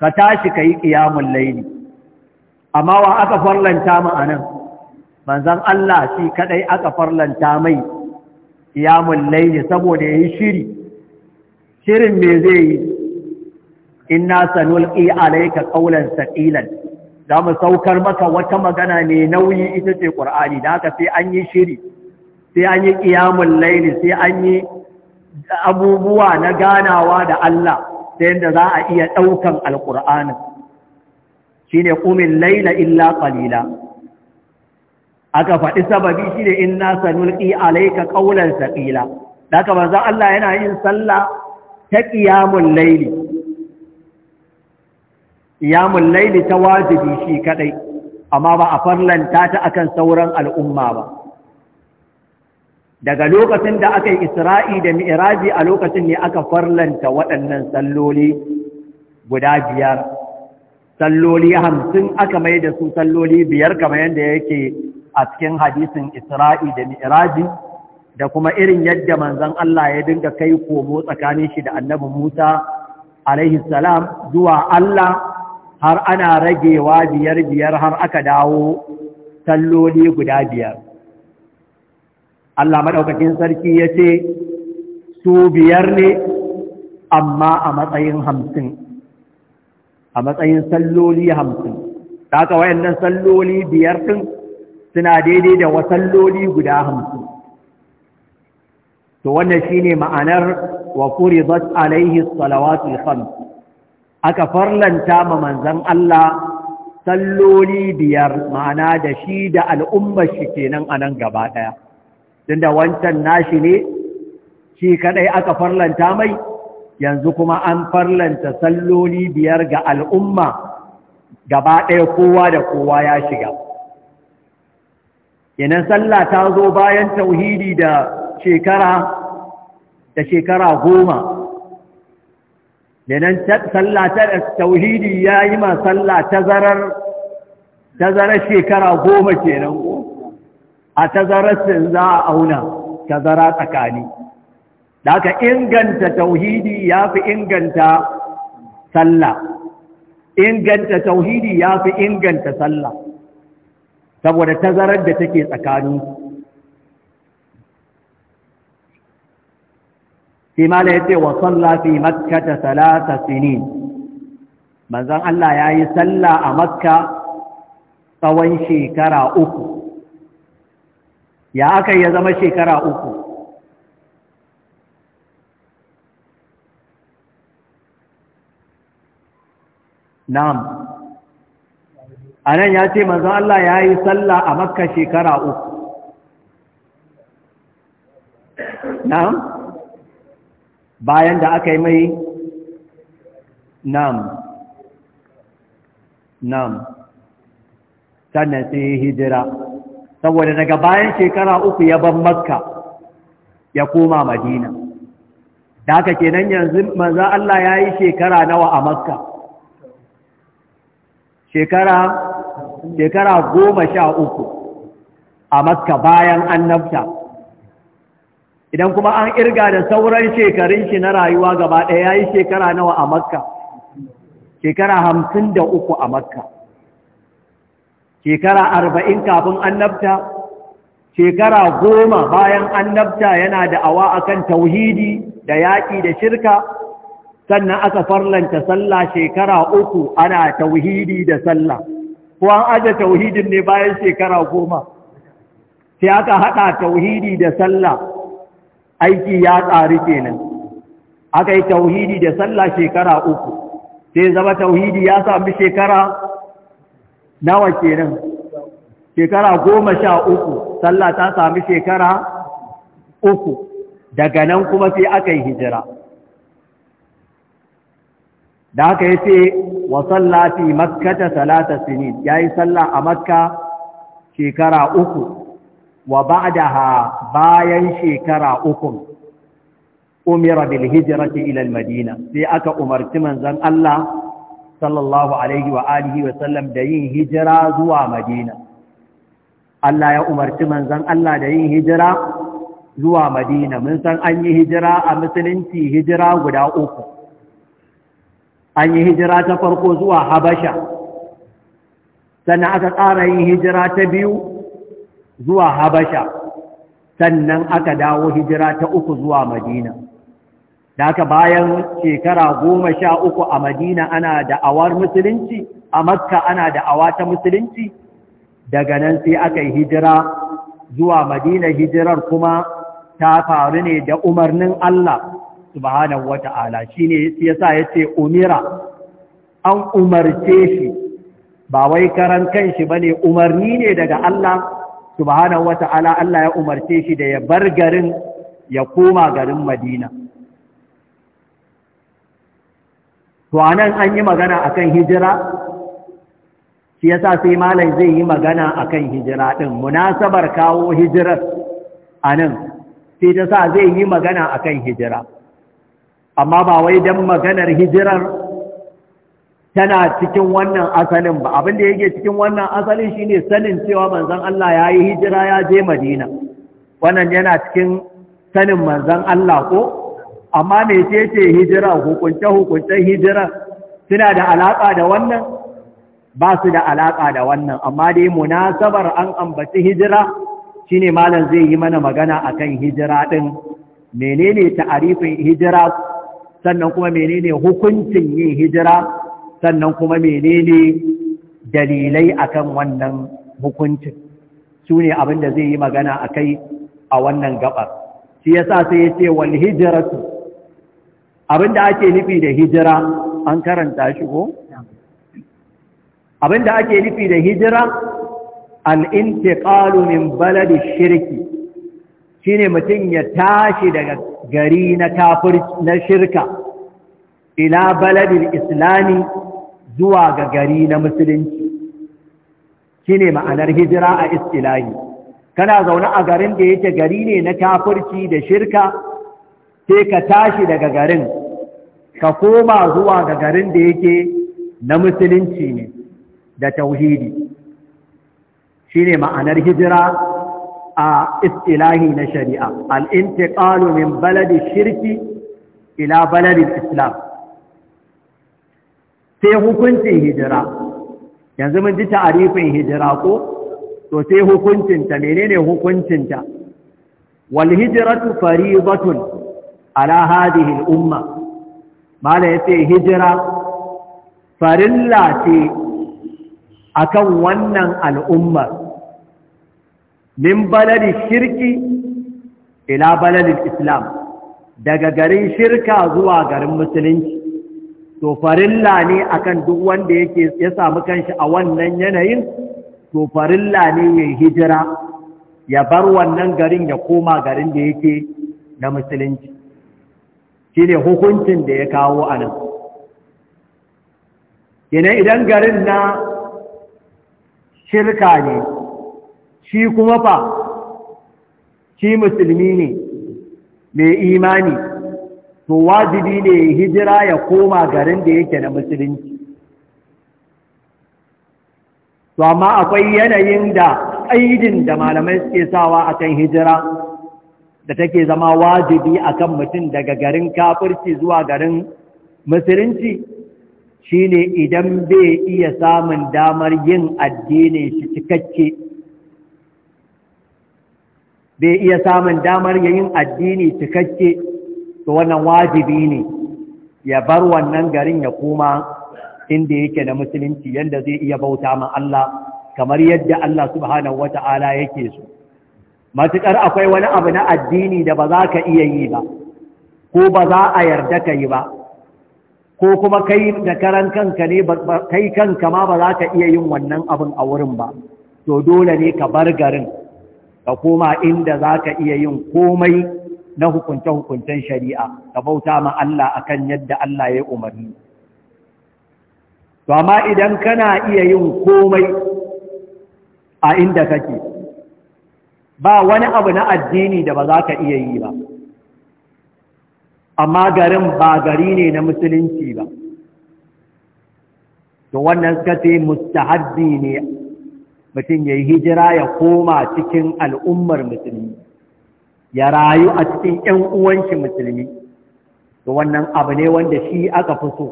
ka tashi ka yi ƙiyamun laili amma wa aka farlanta mu a nan manzan Allah shi kaɗai aka farlanta mai ƙiyamun laili saboda ya yi shiri shirin me zai yi inna sanulƙi alaika ƙaularsa ƙilan. za mu saukar maka wata magana ne nauyi ita ce ƙur'ani da haka sai an yi shiri sai an yi ƙiyamun laili sai an yi abubuwa na ganawa da Allah ta yadda za a iya ɗaukan alƙur'anin shi ne ƙumin laila illa ƙalila aka faɗi sababi shi ne in nasa nulƙi alaika ƙaunar saƙila da haka manzan Allah yana yin sallah ta ƙiyamun laili ƙiyamun laili ta wajibi shi kaɗai amma ba a farlanta ta akan sauran al'umma ba daga lokacin da aka yi isra'i da mi'iraji a lokacin ne aka farlanta waɗannan salloli guda biyar salloli hamsin aka mai da su salloli biyar kamar yadda yake a cikin hadisin isra'i da mi'iraji da kuma irin yadda manzan Allah ya dinga kai komo tsakanin shi da annabi Musa alaihi salam zuwa Allah har ana ragewa biyar biyar har aka dawo salloli guda biyar Allah maɗaukakin sarki ya ce su biyar ne amma a matsayin hamsin a matsayin salloli hamsin ta wayannan salloli biyar ɗin suna daidai da wasalloli guda hamsin to wannan shine ma'anar wa furidat alaihi salawatul khams aka farlanta ma manzan Allah salloli biyar ma'ana da shi da al'ummar shi kenan a nan gaba ɗaya tunda wancan nashi ne shi kaɗai aka farlanta mai yanzu kuma an farlanta salloli biyar ga al'umma gaba ɗaya kowa da kowa ya shiga kenan sallah ta zo bayan tauhidi da shekara da shekara goma kenan sallah ta tauhidi yi ma sallah tazarar shekara goma kenan ko a tazarar sin za a auna tazara tsakani da aka inganta tauhidi ya fi inganta sallah inganta tauhidi ya fi inganta sallah saboda tazarar da take tsakaninsu fi ma la ya ce wa salla fi ta salata sinin manzon Allah ya yi salla a makka tsawon shekara uku ya aka ya zama shekara uku na'am a nan ya ce manzon Allah ya yi salla a makka shekara uku na'am bayan da aka yi mai nam nam sannan sai hijira saboda daga bayan shekara uku ya ban makka ya koma madina da haka kenan yanzu manzo Allah ya yi shekara nawa a makka shekara shekara goma sha uku a makka bayan annabta idan kuma an irga da sauran shekarun shi na rayuwa gaba ɗaya ya yi shekara nawa a makka shekara hamsin da uku a makka shekara arba'in kafin annabta shekara goma bayan annabta yana da awa akan tauhidi da yaƙi da shirka sannan aka farlanta sallah shekara uku ana tauhidi da sallah ko an aje tauhidin ne bayan shekara goma sai aka haɗa tauhidi da sallah aiki ya tsari kenan aka yi tauhidi da sallah shekara uku sai zama tauhidi ya sami shekara nawa kenan shekara goma sha uku sallah ta sami shekara uku daga nan kuma sai aka yi hijira da aka yi ce wa sallafi maskata salata sinin ya yi sallah a makka shekara uku wa ba'daha bayan shekara uku umira bil hijrati ila madina sai aka umarci manzon Allah sallallahu alaihi wa alihi wa sallam da yin hijira zuwa madina Allah ya umarci manzon Allah da yin hijira zuwa madina mun san an yi hijira a musulunci hijira guda uku an yi hijira ta farko zuwa habasha sannan aka tsara yin hijira ta biyu zuwa habasha sannan aka dawo hijira ta uku zuwa madina da aka bayan shekara goma sha uku a madina ana da awar musulunci a makka ana da awa ta musulunci daga nan sai aka yi hijira zuwa madina hijirar kuma ta faru ne da umarnin Allah subhanahu wata'ala shine yasa yace umira an umarce shi ba wai karan kanshi bane umarni ne daga Allah subhanahu wata'ala Allah ya umarce shi da ya bar garin ya koma garin Madina to anan an yi magana akan hijira shi yasa sai malam zai yi magana akan hijira din munasabar kawo hijirar nan sai ta sa zai yi magana akan hijira amma ba wai dan maganar hijirar tana cikin wannan asalin ba abin da yake cikin wannan asalin shine sanin cewa manzon Allah ya yi hijira ya je Madina wannan yana cikin sanin manzon Allah ko amma mecece hijira hukunce hukuncen hijira suna da alaka da wannan ba su da alaka da wannan amma dai munasabar an ambaci hijira shine malam zai yi mana magana akan hijira din menene ta'arifin hijira sannan kuma menene hukuncin yin hijira sannan kuma menene dalilai akan wannan hukuncin su ne abin da zai yi magana a kai a wannan gabar shi yasa sai ya ce wal hijratu abin ake nufi da hijira an karanta shi ko abin ake nufi da hijira al'intiƙalu min baladi shirki shine ne mutum ya tashi daga gari na shirka ila baladin islami zuwa ga gari na musulunci shine ma'anar hijira a istilahi kana zaune a garin da yake gari ne na kafurci da shirka sai ka tashi daga garin ka koma zuwa ga garin da yake na musulunci ne da tauhidi shine ma'anar hijira a istilahi na shari'a al-intiqalu min shirki ila baladin islam sai hukuncin hijira yanzu mun ji ta'arifin hijira ko to sai hukuncinta menene hukuncinta wal hijratu fariidatun ala hadhihi al umma mala yace hijira farilla ce akan wannan al'ummar min baladi shirki ila baladil islam daga garin shirka zuwa garin musulunci to farilla ne akan duk wanda yake ya samu kanshi a wannan yanayin to farilla ne ya hijira ya bar wannan garin ya koma garin da yake na musulunci shi ne hukuncin da ya kawo anan. nan idan garin na shirka ne shi kuma fa shi musulmi ne mai imani to wajibi ne hijira ya koma garin da yake na musulunci to amma akwai yanayin da ƙaidin da malamai suke sawa akan hijira da take zama wajibi akan mutum daga garin kafirci zuwa garin musulunci shine idan bai iya samun damar yin addinin shi cikakke bai iya samun damar yin addini cikakke to wannan wajibi ne ya bar wannan garin ya koma inda yake da musulunci yanda zai iya bauta ma Allah kamar yadda Allah subhanahu wata'ala yake so matukar akwai wani abu na addini da ba za ka iya yi ba ko ba za a yarda ka yi ba ko kuma kai da karan kanka ne kai kanka ma ba za ka iya yin wannan abin a wurin ba to dole ne ka bar garin ka koma inda za ka iya yin komai na hukunce-hukuncen shari'a ka bauta ma Allah akan yadda Allah ya umarni to amma idan kana iya yin komai a inda kake ba wani abu na addini da ba za ka iya yi ba amma garin ba gari ne na musulunci ba to wannan suka ce mustahabbi ne mutum ya yi hijira ya koma cikin al'ummar musulunci. ya rayu a cikin ƴan uwanki musulmi to wannan abu ne wanda shi aka fi so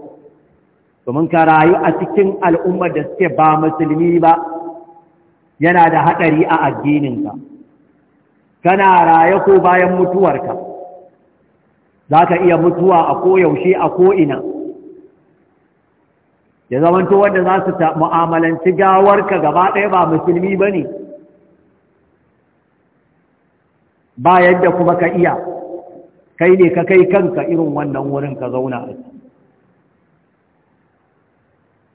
domin ka rayu a cikin al'ummar da suke ba musulmi ba yana da haɗari a addininka kana raye ko bayan mutuwarka za ka iya mutuwa a koyaushe a ko'ina ya zamanto wanda za su mu'amalanci gawarka gaba ɗaya ba musulmi ba ne ba yadda kuma ka iya kai ne ka kai kanka irin wannan wurin ka zauna a ciki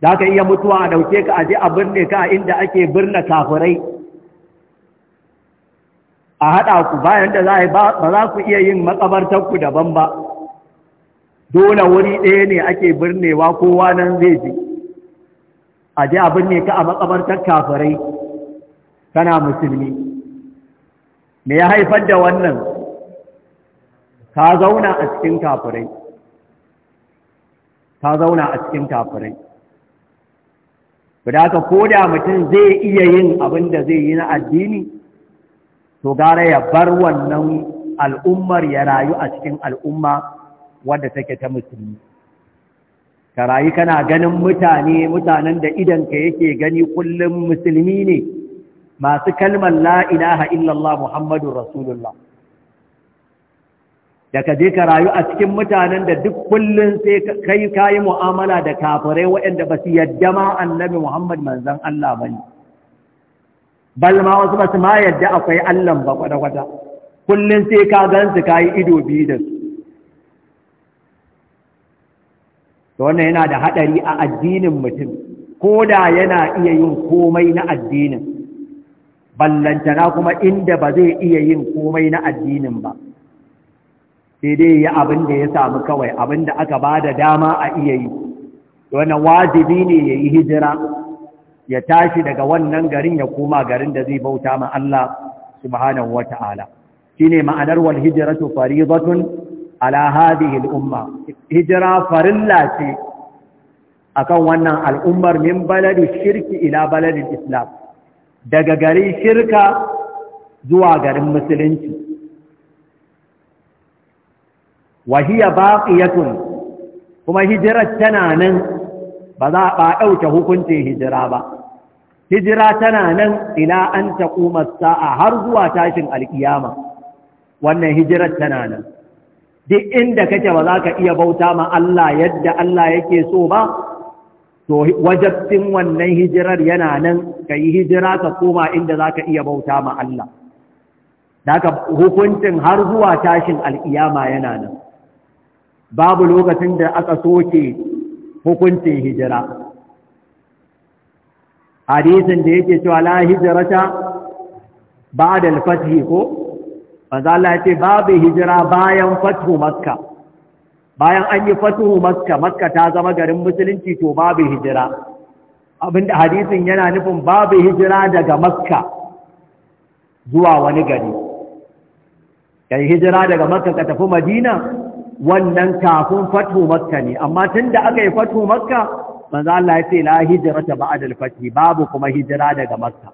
za ka iya mutuwa a dauke ka aje a birne ka inda ake birna kafirai a haɗa ku bayan da ba za ku iya yin matsabartarku daban ba dole wuri ɗaya ne ake birnewa kowa nan zai ji aje a birne ka a matsabartar kafirai kana musulmi me ya haifar da wannan ka zauna a cikin kafirai ka zauna a cikin kafirai da ka da mutum zai iya yin abin da zai yi na addini to gara ya bar wannan al'ummar ya rayu a cikin al'umma wadda take ta musulmi ka rayu kana ganin mutane mutanen da idanka yake gani kullum musulmi ne masu kalmar la illallah Muhammadu rasulullah da ka je ka rayu a cikin mutanen da duk kullum sai kai kayi mu'amala da kafirai waɗanda ba su yadda ma annabi Muhammadu manzan Allah ba ne bal ma wasu ba su ma yadda akwai Allah ba kwata-kwata kullum sai ka gan su kayi ido biyu da su to wannan yana da haɗari a addinin mutum ko da yana iya yin komai na addinin ballantana kuma inda ba zai iya yin komai na addinin ba sai dai ya abin da ya samu kawai abin da aka ba da dama a iya yi Wani wajibi ne ya yi hijira ya tashi daga wannan garin ya koma garin da zai bauta ma Allah subhanahu wa ta'ala shi ne ma'anar wal hijiratu faridatun ala hadhihi al'umma hijira farilla ce akan wannan al'ummar min baladi shirki ila baladin islam daga gari shirka zuwa garin musulunci wahiya baqiyatun kuma hijirar tana nan ba za a ɗauke hukuncin hijira ba hijira tana nan ila an taquma sa'a har zuwa tashin alkiyama wannan hijirar tana nan duk inda kake ba za ka iya bauta ma Allah yadda Allah yake so ba to wajabtin wannan hijirar yana nan ka yi hijira ka koma inda za ka iya bauta ma Allah daga hukuncin har zuwa tashin al'iyama yana nan babu lokacin da aka soke hukuncin hijira hadisin da yake cewa la hijirata ba da alfashi ko manzo Allah ya ce babu hijira bayan fathu makka bayan an yi fatuhu makka makka ta zama garin musulunci to babu hijira abinda hadisin yana nufin babu hijira daga makka zuwa wani gari kai hijira daga makka ka tafi madina wannan kafin fatuhu makka ne amma tunda aka yi fatuhu makka manzo Allah ya ce la hijrata ba'da al babu kuma hijira daga makka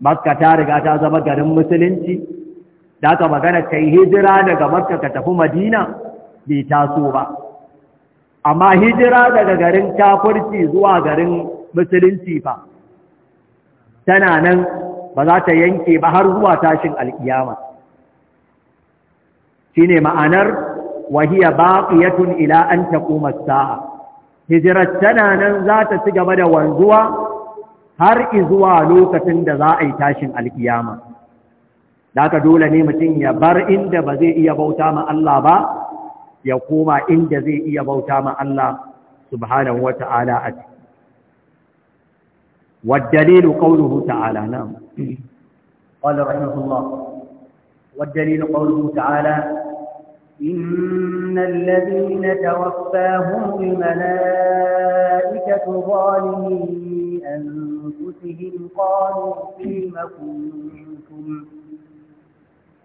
makka ta riga ta zama garin musulunci da ka magana kai hijira daga makka ka tafi madina bai taso ba amma hijira daga garin kafirci zuwa garin musulunci fa tana nan ba za ta yanke ba har zuwa tashin alkiyama shine ma'anar wahiya baqiyatun ila an taquma as-sa'a hijrat tana nan za ta ci gaba da wanzuwa har zuwa lokacin da za a yi tashin alkiyama da dole ne mutum ya bar inda ba zai iya bauta ma Allah ba يقوم koma inda يبوتا iya الله سبحانه وتعالى أتي والدليل قوله تعالى نعم قال رحمه الله والدليل قوله تعالى إن الذين توفاهم الملائكة ظالمي أنفسهم قالوا فيم كنتم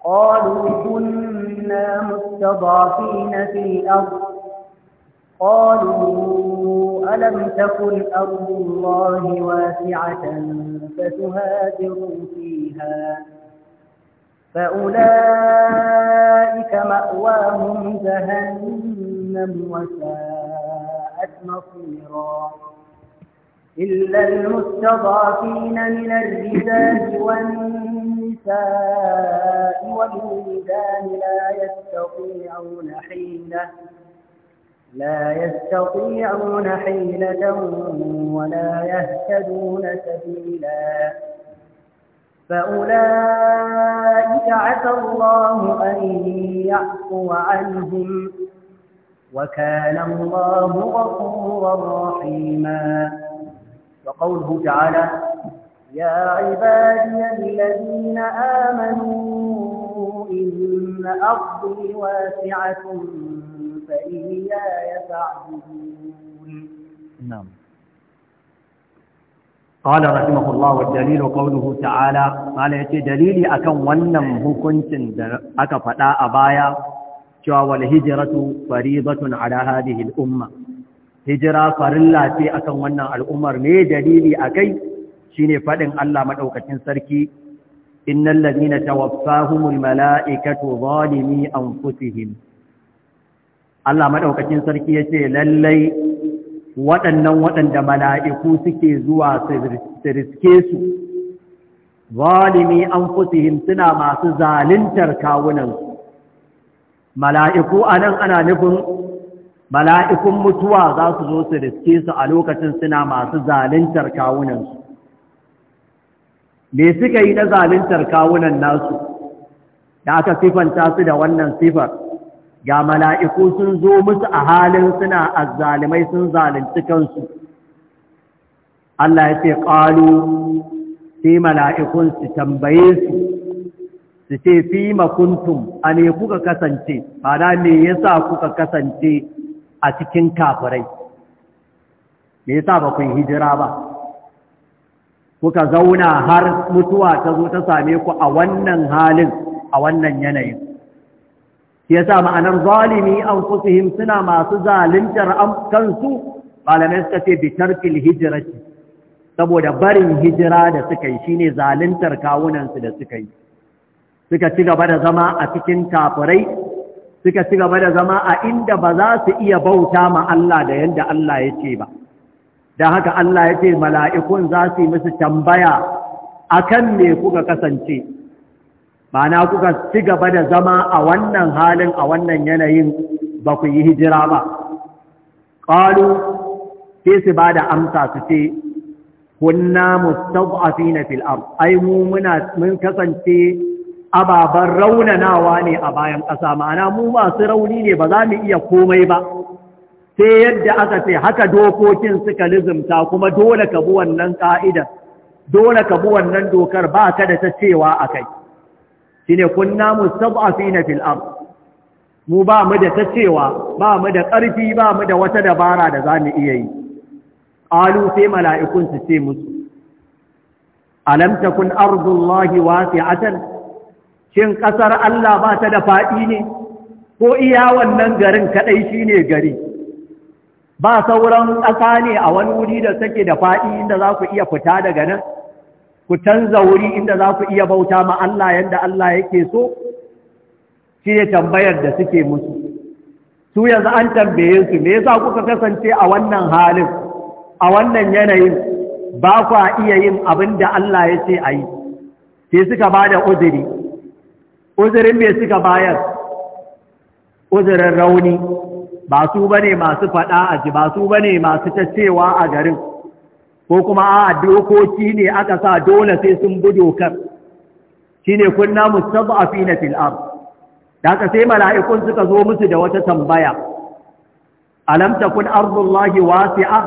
قالوا كنا مستضعفين في الأرض قالوا ألم تكن أرض الله واسعة فتهاجروا فيها فأولئك مأواهم جهنم وساءت مصيرا إلا المستضعفين من الرجال والنساء والولدان لا يستطيعون حيلة لا يستطيعون حيلة ولا يهتدون سبيلا فأولئك عسى الله أن يعفو عنهم وكان الله غفورا رحيما وقوله تعالى يا عبادي الذين آمنوا إن أرضي واسعة فإياي فاعبدون نعم قال رحمه الله والدليل قوله تعالى قال يتي دليلي أكن ونم هكنت أكفتا أبايا cewa wal hijratu faridatun ala hadhihi al umma hijra farilla ce akan wannan al'ummar ne dalili akai Shi ne faɗin Allah maɗaukacin sarki innal ladina tawaffahumul malaikatu zalimi anfusihim Allah maɗaukacin sarki ya ce lallai waɗannan waɗanda mala'iku suke zuwa su riske su zalimi anfusihim suna masu zaluntar kawunansu mala'iku a nan ana nufin mala'ikun mutuwa za su zo su riske su a lokacin suna masu zalintar kawunansu me suka yi na zaluntar kawunan nasu da aka sifanta su da wannan sifar ga mala'iku sun zo musu a halin suna azzalimai sun zalunci kansu Allah ya ce ƙalu sai mala'ikun su tambaye su su ce fi makuntum a ne kuka kasance ba na me yasa kuka kasance a cikin kafirai me yasa ba kun hijira ba kuka zauna har mutuwa ta zo ta same ku a wannan halin a wannan yanayin yasa ma'anar zalimi anfusihim suna masu zaluntar kansu malamai suka ce bitarkil hijrati saboda barin hijira da suka yi shine zaluntar kawunansu da suka yi suka ci gaba da zama a cikin kafirai suka ci gaba da zama a inda ba za su iya bauta ma Allah da yadda Allah ya ce ba don haka Allah ya ce mala'ikun za su yi musu tambaya a kan me kuka kasance na kuka ci gaba da zama a wannan halin a wannan yanayin ba ku yi hijira ba ƙalu sai su ba da amsa su ce kunna fi na fil'a. ai mu muna mun kasance ababan raunanawa ne a bayan ƙasa ma'ana mu masu rauni ne ba za mu iya komai ba sai yadda aka ce haka dokokin suka lizumta kuma dole ka bi wannan ka'idar dole ka bi wannan dokar ba ka da ta cewa a kai shi ne kunna mustad'afina fil fil'am mu ba mu da ta cewa ba mu da ƙarfi ba mu da wata dabara da za mu iya yi Alu sai mala'ikun su ce musu alam takun ardullahi wasi'atan shin ƙasar Allah ba ta da faɗi ne ko iya garin kaɗai shine gari ba sauran ƙasa ne a wani wuri da take da faɗi inda za ku iya fita daga nan ku canza wuri inda za ku iya bauta ma Allah yadda Allah yake so shi ne tambayar da suke musu su yanzu an tambaye su me yasa kuka kasance a wannan halin a wannan yanayin ba kwa iya yin abin da Allah ya ce a yi sai suka ba da uzuri uzurin me suka bayar uzurin rauni ba su bane masu faɗa a ji ba su bane masu tacewa a garin ko kuma a dokoki ne aka sa dole sai sun kan. Shi ne kunna mustad'afina fil ard da ka sai mala'ikun suka zo musu da wata tambaya Alamta kun ardullahi wasi'a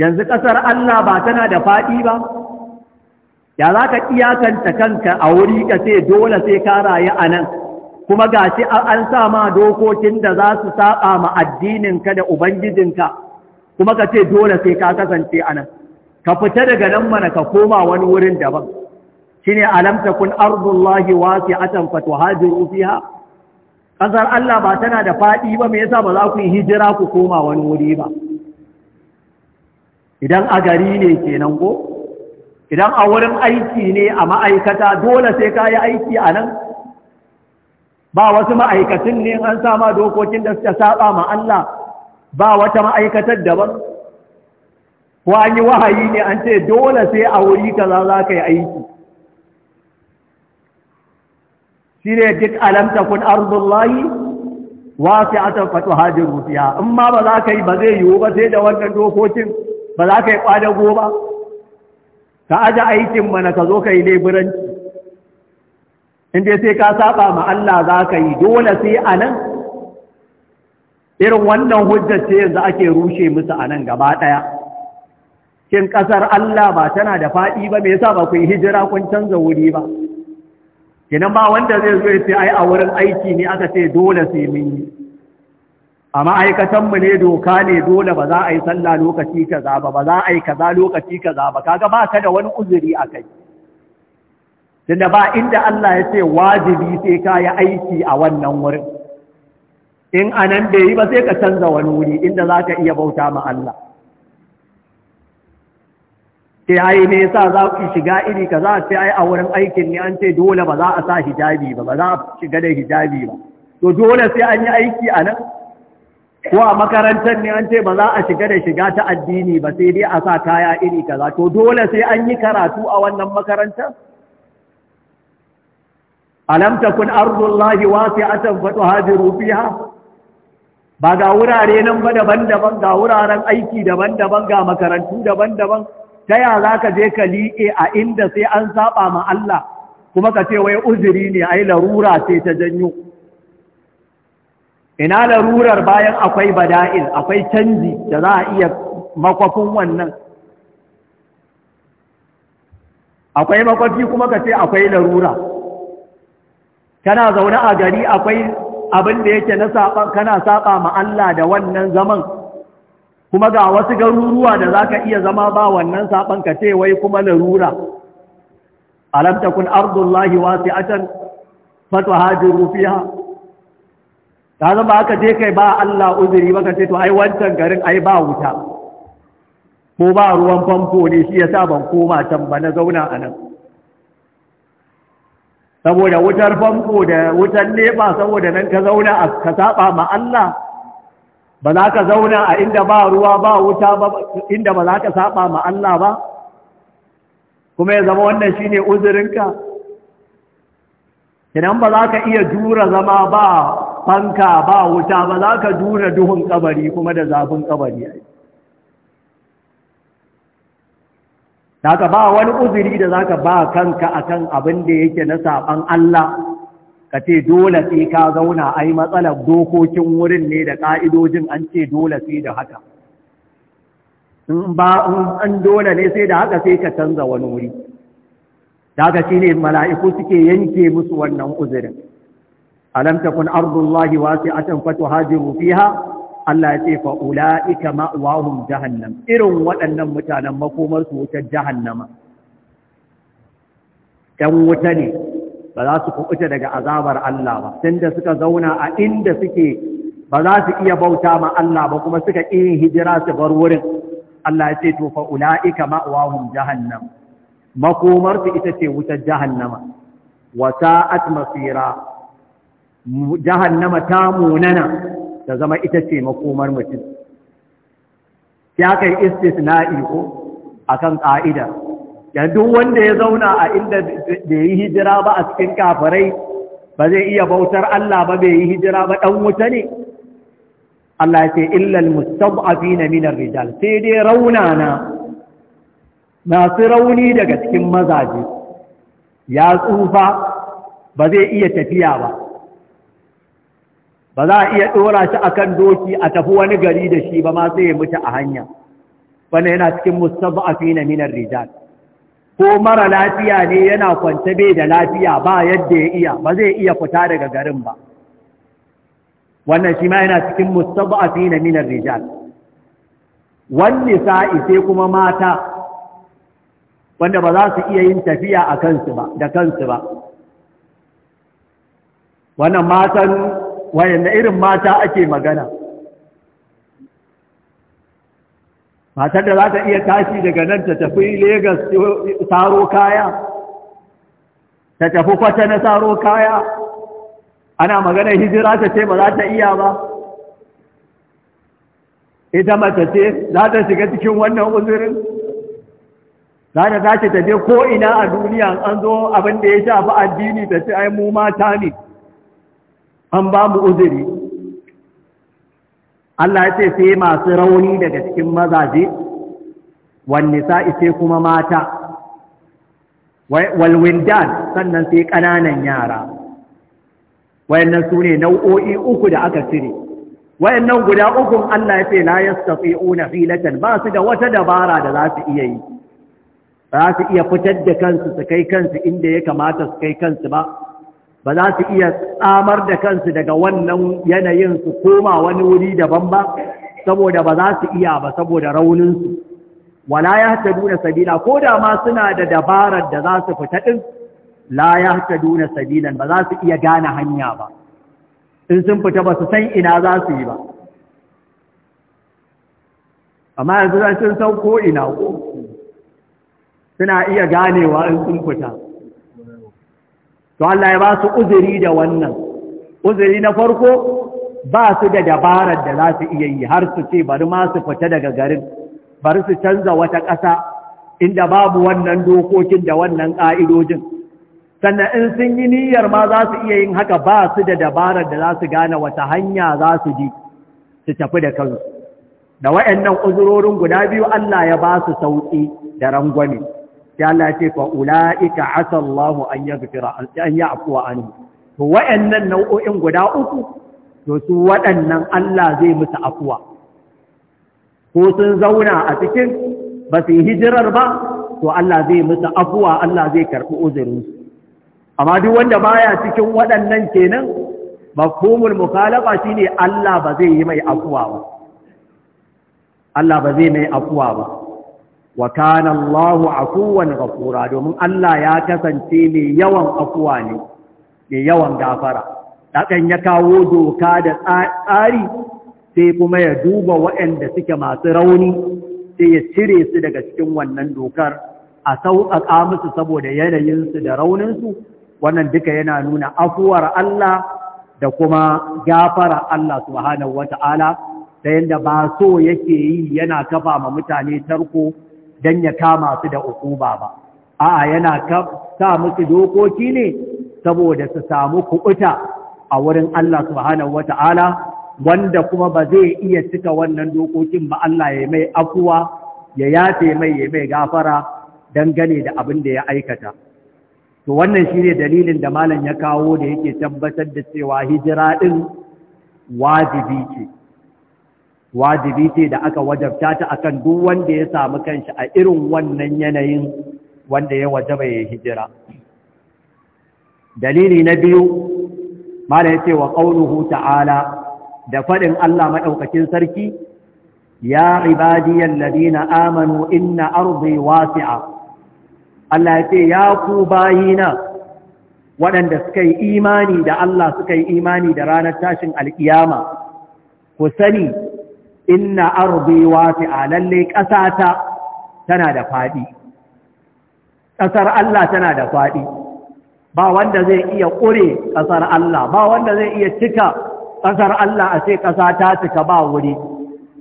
yanzu ƙasar Allah ba tana da faɗi ba ya za ka iyakanta kanka a wuri ka sai dole sai ka rayu a nan kuma ga shi an sa ma dokokin da za su saba ma addininka da ubangijinka kuma ka ce dole sai ka kasance anan. ka fita daga nan mana ka koma wani wurin daban shine alam takun ardullahi wasi'atan fatuhajiru fiha kasar Allah ba tana da faɗi ba me yasa ba za ku yi hijira ku koma wani wuri ba idan a gari ne kenan ko idan a wurin aiki ne a ma'aikata dole sai ka yi aiki a nan ba wasu ma'aikacin ne an sama dokokin da suka saba ma Allah ba wata ma'aikatar daban ko an yi wahayi ne an ce dole sai a wuri kaza za ka yi aiki shi ne duk alamta kun arzullahi wasi'atan hajjin rufiya in ma ba za ka yi ba zai yiwu ba sai da wannan dokokin ba za ka yi kwadago ba ka aje aikin mana ka zo ka yi leburanci In inda sai ka saba ma Allah za ka yi dole sai a nan irin wannan hujjar ce yanzu ake rushe musu a nan gaba ɗaya kin ƙasar Allah ba tana da faɗi ba me yasa ba ku yi hijira kun canza wuri ba kinan ba wanda zai zo ya ce ai a wurin aiki ne aka ce dole sai mun yi a ma'aikatanmu ne doka ne dole ba za a yi sallah lokaci kaza ba ba za a yi kaza lokaci kaza ba kaga ba ka da wani uzuri a kai tunda ba inda Allah ya ce wajibi sai ka yi aiki a wannan wurin in a nan bai yi ba sai ka canza wani wuri inda za ka iya bauta ma Allah sai hayi ne yasa za ku shiga iri kaza sai ai a wurin aikin ne an ce dole ba za a sa hijabi ba ba za a shiga da hijabi ba to dole sai an yi aiki a nan ko a makarantar ne an ce ba za a shiga da shiga ta addini ba sai dai a sa kaya iri kaza to dole sai an yi karatu a wannan makarantar alam takun ardullahi wasi'atan fatuhajiru fiha ba ga wurare nan ba daban-daban ga wuraren aiki daban-daban ga makarantu daban-daban ta ya za ka je ka liƙe a inda sai an saba ma Allah kuma ka ce wai uzuri ne ai larura ce ta janyo ina larurar bayan akwai bada'il akwai canji da za a iya makwafin wannan akwai makwafi kuma ka ce akwai larura kana zaune a gari akwai abin da yake na saba kana saba ma Allah da wannan zaman kuma ga wasu garuruwa da zaka iya zama ba wannan saban ka ce wai kuma larura alam takun ardullahi wasi'atan fatuhajiru fiha ta zama aka je kai ba Allah uzuri baka ce to ai wancan garin ai ba wuta ko ba ruwan famfo ne shi yasa ban koma can ba zauna anan saboda wutar famfo da wutar nefa saboda nan ka zauna ka saba ma Allah ba za ka zauna a inda ba ruwa ba wuta ba inda ba za ka saba ma Allah ba kuma ya zama wannan shine uzurinka idan ba za ka iya jura zama ba fanka ba wuta ba za ka jura duhun kabari kuma da zafin kabari Daga ba wani uzuri da za ka ba kanka a kan abin da yake na saɓan Allah ka ce dole sai ka zauna a yi matsalar dokokin wurin ne da ƙa'idojin an ce dole sai da haka in ba an dole ne sai da haka sai ka canza wani wuri daga ne mala'iku suke yanke musu wannan uzurin alam takun ardullahi wasi'atan fatuhajiru Rufiha. Allah ya ce fa ula'ika ma'wahum jahannam irin waɗannan mutanen makomar su wutar jahannama dan wuta ne ba za su kuɓuta daga azabar Allah ba da suka zauna a inda suke ba za su iya bauta ma Allah ba kuma suka yin hijira su bar wurin Allah ya ce to fa ula'ika ma'wahum jahannam makomar su ita ce wutar jahannama wa sa'at masira jahannama ta munana ta zama ita ce makomar mutum ya kai istisna'i ko akan ƙa'ida yanzu wanda ya zauna a inda da yi hijira ba a cikin kafirai ba zai iya bautar Allah ba bai yi hijira ba ɗan wuta ne Allah ya ce illal mustad'afina minar rijal sai dai raunana masu rauni daga cikin mazaje ya tsufa ba zai iya tafiya ba ba za a iya ɗora shi a kan doki a tafi wani gari da shi ba ma sai ya mutu a hanya wannan yana cikin musamman a fina minar rijal ko mara lafiya ne yana kwance bai da lafiya ba yadda ya iya ba zai iya fita daga garin ba wannan shi ma yana cikin musamman a fina minar rijal wani sa'i sai kuma mata wanda ba za su iya yin tafiya a kansu ba da kansu ba wannan matan wayanne irin mata ake magana matar da za ta iya tashi daga nan ta tafi Legas saro kaya ta tafi kwata na saro kaya ana magana hijira ta ce ba za ta iya ba ita mata ce za ta shiga cikin wannan uzurin za ta tashi ta je ina a duniya an zo abin da ya shafi addini ta ce ai mu mata ne an ba mu uzuri Allah ya ce sai masu rauni daga cikin mazaje Wani sa'i sai kuma mata walwindan sannan sai ƙananan yara wayannan su nau'o'i uku da aka cire wayannan guda ukun Allah ya ce la yastati'una filatan, ba su da wata dabara da za su iya yi Za su iya fitar da kansu su kai kansu inda ya kamata su kai kansu ba ba za su iya tsamar da kansu daga wannan yanayin su koma wani wuri daban ba saboda ba za su iya ba saboda rauninsu wala ya duna sabila ko da ma suna da dabarar da za su fita din la ya duna sabilan ba za su iya gane hanya ba in sun fita ba su san ina za su yi ba amma yanzu sun san ko ina ko suna iya ganewa in sun fita to Allah ya ba su uzuri da wannan uzuri na farko ba su da dabarar da za su iya yi har su ce bari ma su fita daga garin bari su canza wata ƙasa inda babu wannan dokokin da wannan ƙa'idojin sannan in sun yi niyyar ma za su iya yin haka ba su da dabarar da za su gane wata hanya za su ji su tafi da kansu da wa'annan uzurorin guda biyu Allah ya ba su sauƙi da rangwame sai Allah ya ce fa ulaika asallahu an yaghfira an ya'fuwa anhu to wayannan nau'o'in guda uku to su waɗannan Allah zai musu afuwa ko sun zauna a cikin ba su hijirar ba to Allah zai musu afuwa Allah zai karɓi uzurinsu amma duk wanda baya cikin waɗannan kenan mafhumul mukhalafa shine Allah ba zai yi mai afuwa ba Allah ba zai mai afuwa ba wa kana Allahu afuwan ghafura domin Allah ya kasance mai yawan afuwa ne mai yawan gafara dan ya kawo doka da tsari sai kuma ya duba waɗanda suke masu rauni sai ya cire su daga cikin wannan dokar a sauƙaƙa musu saboda yanayinsu da rauninsu wannan duka yana nuna afuwar Allah da kuma gafara Allah subhanahu wata'ala ta yadda ba so yake yi yana kafa ma mutane tarko don ya kama su da ukuba ba a'a yana sa musu dokoki ne saboda su samu kuɓuta a wurin Allah subhanahu wata'ala wanda kuma ba zai iya cika wannan dokokin ba Allah ya mai afuwa ya yafe mai ya mai gafara dangane da abin da ya aikata to wannan shine dalilin da malam ya kawo da yake tabbatar da cewa hijira din wajibi ce wajibi ce da aka wajabta ta akan duk wanda ya samu kanshi a irin wannan yanayin wanda ya wajaba ya hijira dalili na biyu mala ce wa ƙaunuhu ta'ala da faɗin Allah maɗaukacin sarki ya ibadiyal ladina amanu inna ardi wasi'a Allah ce ya ku bayina waɗanda suka yi imani da Allah suka yi imani da ranar tashin alkiyama ku sani inna ardi a lalle ƙasata tana da faɗi ƙasar Allah tana da faɗi ba wanda zai iya ƙure ƙasar Allah ba wanda zai iya cika ƙasar Allah a ce ƙasa ta cika ba wuri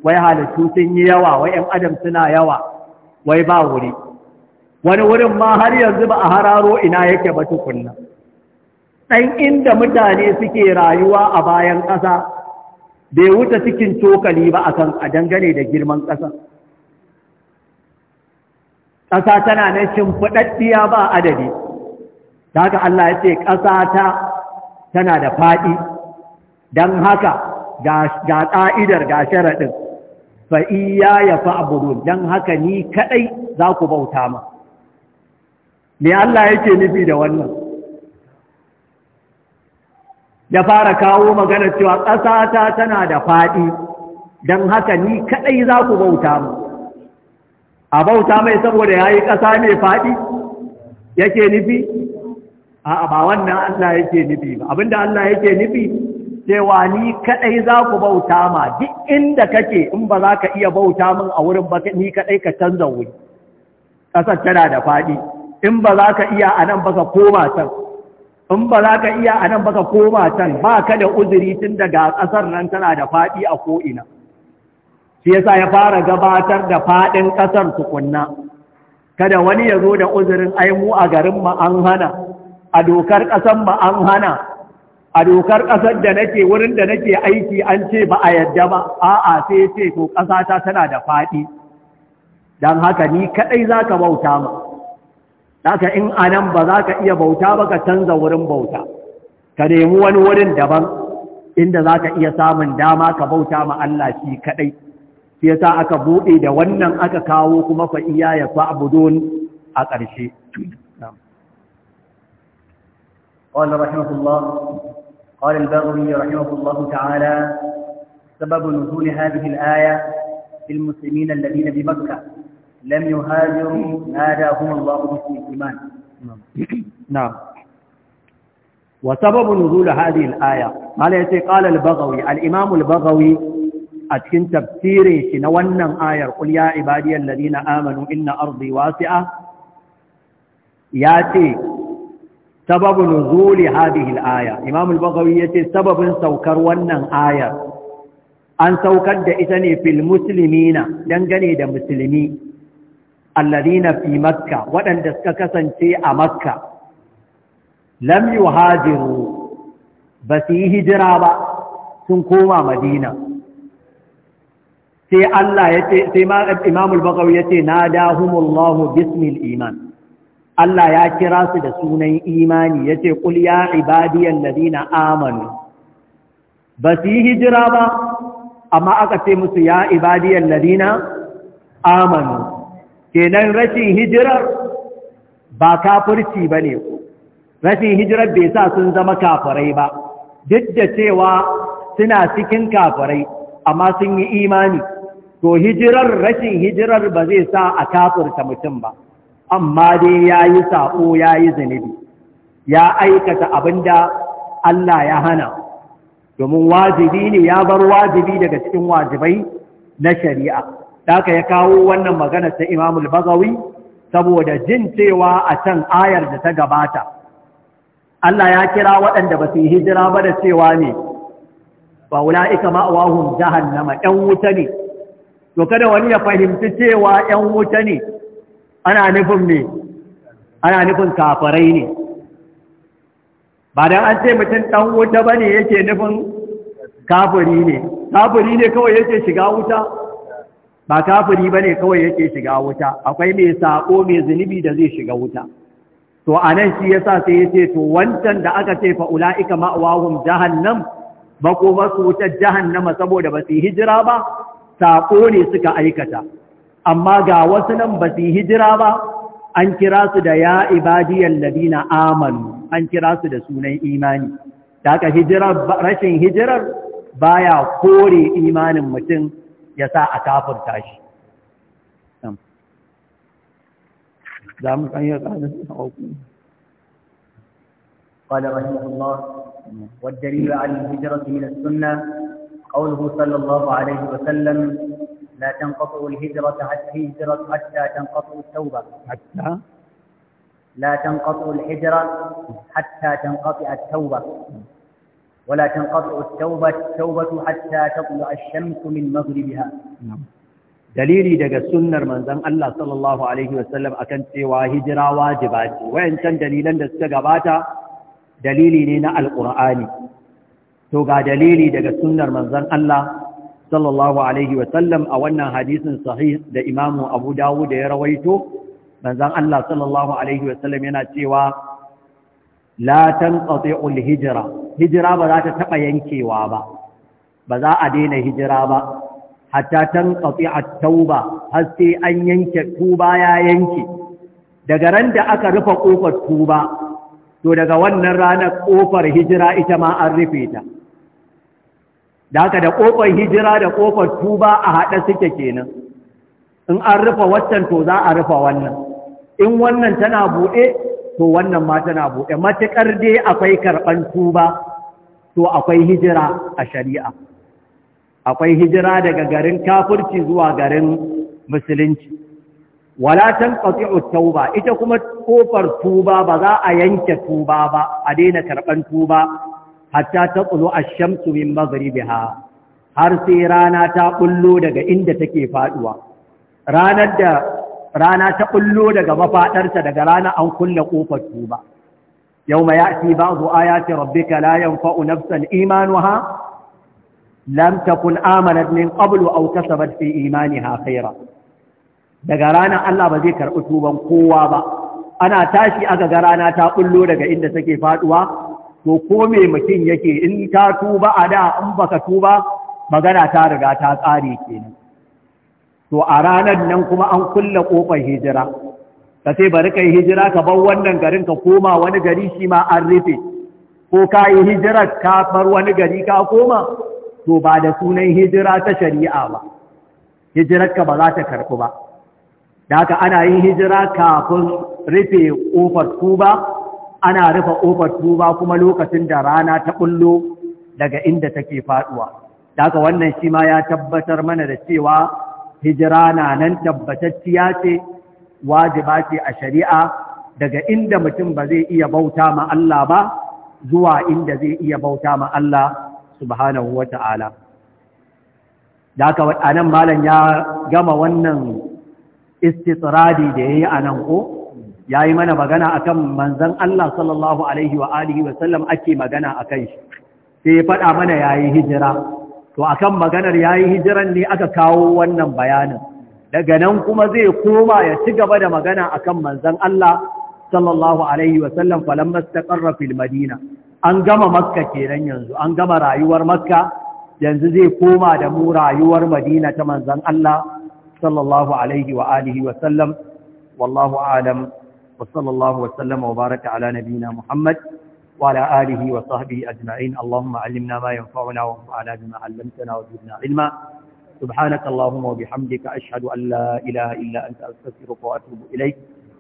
wai halittu sun yi yawa wai 'yan adam suna yawa wai ba wuri wani wurin ma har yanzu ba a hararo ina yake ba tukunna ɗan inda mutane suke rayuwa a bayan ƙasa bai wuce cikin cokali ba akan a dangane da girman ƙasa ƙasa tana na shimfiɗaɗɗiya ba adadi ta haka Allah ya ce ƙasa ta tana da faɗi don haka ga ƙa'idar ga sharaɗin fa'iya ya fa'abudun don haka ni kaɗai za ku bauta ma me Allah yake nufi da wannan ya fara kawo magana cewa ƙasata tana da faɗi don haka ni kaɗai za ku bauta mu a bauta mai saboda ya yi ƙasa mai faɗi yake nufi a ba wannan Allah yake nufi ba abinda Allah yake nufi cewa ni kaɗai za ku bauta ma duk inda kake in ba za ka iya bauta min a wurin ba ni kaɗai ka canza wuri ƙasar tana da faɗi in ba za ka iya a nan ba ka koma can in ba za ka iya a nan baka koma can ba ka da uzuri tun daga ƙasar nan tana da faɗi a ko'ina shi yasa ya fara gabatar da faɗin ƙasar tukunna kada wani ya zo da uzurin ai mu a garin ma an hana a dokar ƙasar mu an hana a dokar ƙasar da nake wurin da nake aiki an ce ba a yadda ba a'a sai ce to ƙasata tana da faɗi dan haka ni kaɗai za ka bauta ma haka in anan ba za ka iya bauta ba ka canza wurin bauta ka nemi wani wurin daban inda za ka iya samun dama ka bauta ma Allah shi kaɗai sai yasa aka buɗe da wannan aka kawo kuma fa iya ya fa abudun a ƙarshe قال رحمه الله قال البغوي رحمه الله تعالى سبب نزول هذه الآية في المسلمين الذين بمكة لم يهاجروا ناداهم الله في الإيمان نعم وسبب نزول هذه الآية قال قال البغوي الإمام البغوي أتكن تفسيري شنوانا آية قل يا عبادي الذين آمنوا إن أرضي واسعة ياتي سبب نزول هذه الآية إمام البغوي يتي سبب سوكر وانا آية أن سوكد إثني في المسلمين دنجني دا مسلمين الذين في مكة وأن تسككسن في مكة لم يهاجروا بسيه جرابا سنكوما مدينة في الله يتي في إمام البغوي يتي ناداهم الله باسم الإيمان الله ياتي راس دسوني إيمان يتي قل يا عبادي الذين آمنوا بسيه جرابا أما أكتمس يا عبادي الذين آمنوا kenan rashin hijirar ba kafurci ba ne rashin hijirar bai sa sun zama kafirai ba duk da cewa suna cikin kafirai amma sun yi imani to hijirar rashin hijirar ba zai sa a kafurta mutum ba amma dai ya yi saƙo ya yi zunubi ya aikata abin da Allah ya hana domin wajibi ne ya bar wajibi daga cikin wajibai na shari'a da aka ya kawo wannan magana ta imamul bagawi saboda jin cewa a can ayar da ta gabata Allah ya kira waɗanda ba su yi hijira ba da cewa ne ba wula'ika ma'awahun jahannama ‘yan wuta ne to kada wani ya fahimci cewa ‘yan wuta ne ana nufin ne ana nufin kafarai ne ba don an ce mutum ɗan wuta ba yake nufin kafiri ne kafiri ne kawai yake shiga wuta ba kafiri ba ne kawai yake shiga wuta akwai mai saƙo mai zunubi da zai shiga wuta to a nan shi yasa sai ya ce to wancan da aka ce fa'ula'ika ma'awahun jahannan, ba ko ba su wutar jahannama saboda ba su hijira ba saƙo ne suka aikata amma ga wasu nan ba su hijira ba an kira su da ya ibadiyar ladina amanu an kira su da sunan imani Da aka hijira rashin hijirar baya kore imanin mutum ya sa a نعم قال رحمه الله والدليل على الهجرة من السنة قوله صلى الله عليه وسلم لا تنقطع الهجرة حتى الهجرة حتى تنقطع التوبة حتى لا تنقطع الهجرة حتى تنقطع التوبة ولا تنقطع التوبة التوبة حتى تطلع الشمس من مغربها dalili daga sunnar manzon Allah sallallahu alaihi wasallam cewa hijira wajiba ce wayancan dalilan da suka gabata dalili ne na Alkur'ani. to ga dalili daga sunnar manzon Allah sallallahu a wannan hadisin sahi da Imam Abu Dawud ya rawaito manzon Allah sallallahu yana cewa la tanqati'ul hijra hijra ba za ta taba yankewa ba ba za a daina hijira ba hatta tanqati'a tauba har sai an yanke tuba ya yanke daga ran da aka rufe kofar tuba to daga wannan ranar kofar hijira ita ma an rufe ta da haka da kofar hijira da kofar tuba a haɗe suke kenan in an rufe wannan, to za a rufe wannan in wannan tana buɗe to wannan ma tana buɗe matuƙar dai akwai karɓan tuba to akwai hijira a shari'a akwai hijira daga garin kafirci zuwa garin musulunci wala tanqati'u tauba ita kuma kofar tuba ba za a yanke tuba ba a daina karɓan tuba hatta ta taqulu ash-shamsu min maghribiha har sai rana ta bullo daga inda take faduwa ranar da rana ta kullo daga mafaɗarsa, daga rana an kulle kofar tuba yawma ya'ti ba'du rabbi rabbika la yanfa'u nafsan imanuha lam takun amanat min qablu aw kasabat fi ha khaira daga rana Allah ba zai karbi tuban kowa ba ana tashi aka ga rana ta kullo daga inda take faɗuwa? to ko me mutum yake in ta tuba a da in baka tuba magana ta riga ta tsare kenan to a ranar nan kuma an kulle kofar hijira ka sai bari kai hijira ka bar wannan garin ka koma wani gari shi ma an rufe ko ka yi hijira ka bar wani gari ka koma to ba da sunan hijira ta shari'a ba hijirar ka ba za ta karɓu ba da haka ana yin hijira kafin rufe kofar tuba ana rufe kofar tuba kuma lokacin da rana ta bullo daga inda take faduwa da haka wannan shi ma ya tabbatar mana da cewa hijira na nan tabbatacciya ce wajiba ce a shari'a daga inda mutum ba zai iya bauta ma Allah ba zuwa inda zai iya bauta ma Allah subhanahu wa ta'ala. Da aka malam ya gama wannan istisradi da ya yi a nan ko, ya yi mana magana akan manzon Allah sallallahu Alaihi wa alihi ake magana akan shi, sai ya faɗa mana ya yi hijira. to akan maganar yayi hijiran ne aka kawo wannan bayanin daga nan kuma zai koma ya ci gaba da magana akan manzon Allah sallallahu alaihi wa sallam falamma istaqarra fil madina an gama makka kenan yanzu an gama rayuwar makka yanzu zai koma da mu rayuwar madina ta manzon Allah sallallahu alaihi wa alihi wa sallam wallahu a'lam wa sallallahu wa sallama wa baraka ala nabina muhammad وعلى آله وصحبه أجمعين اللهم علمنا ما ينفعنا وانفعنا بما علمتنا وزدنا علما سبحانك اللهم وبحمدك أشهد أن لا إله إلا أنت أستغفرك وأتوب إليك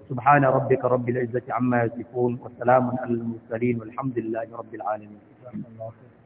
سبحان ربك رب العزة عما يصفون وسلام على المرسلين والحمد لله رب العالمين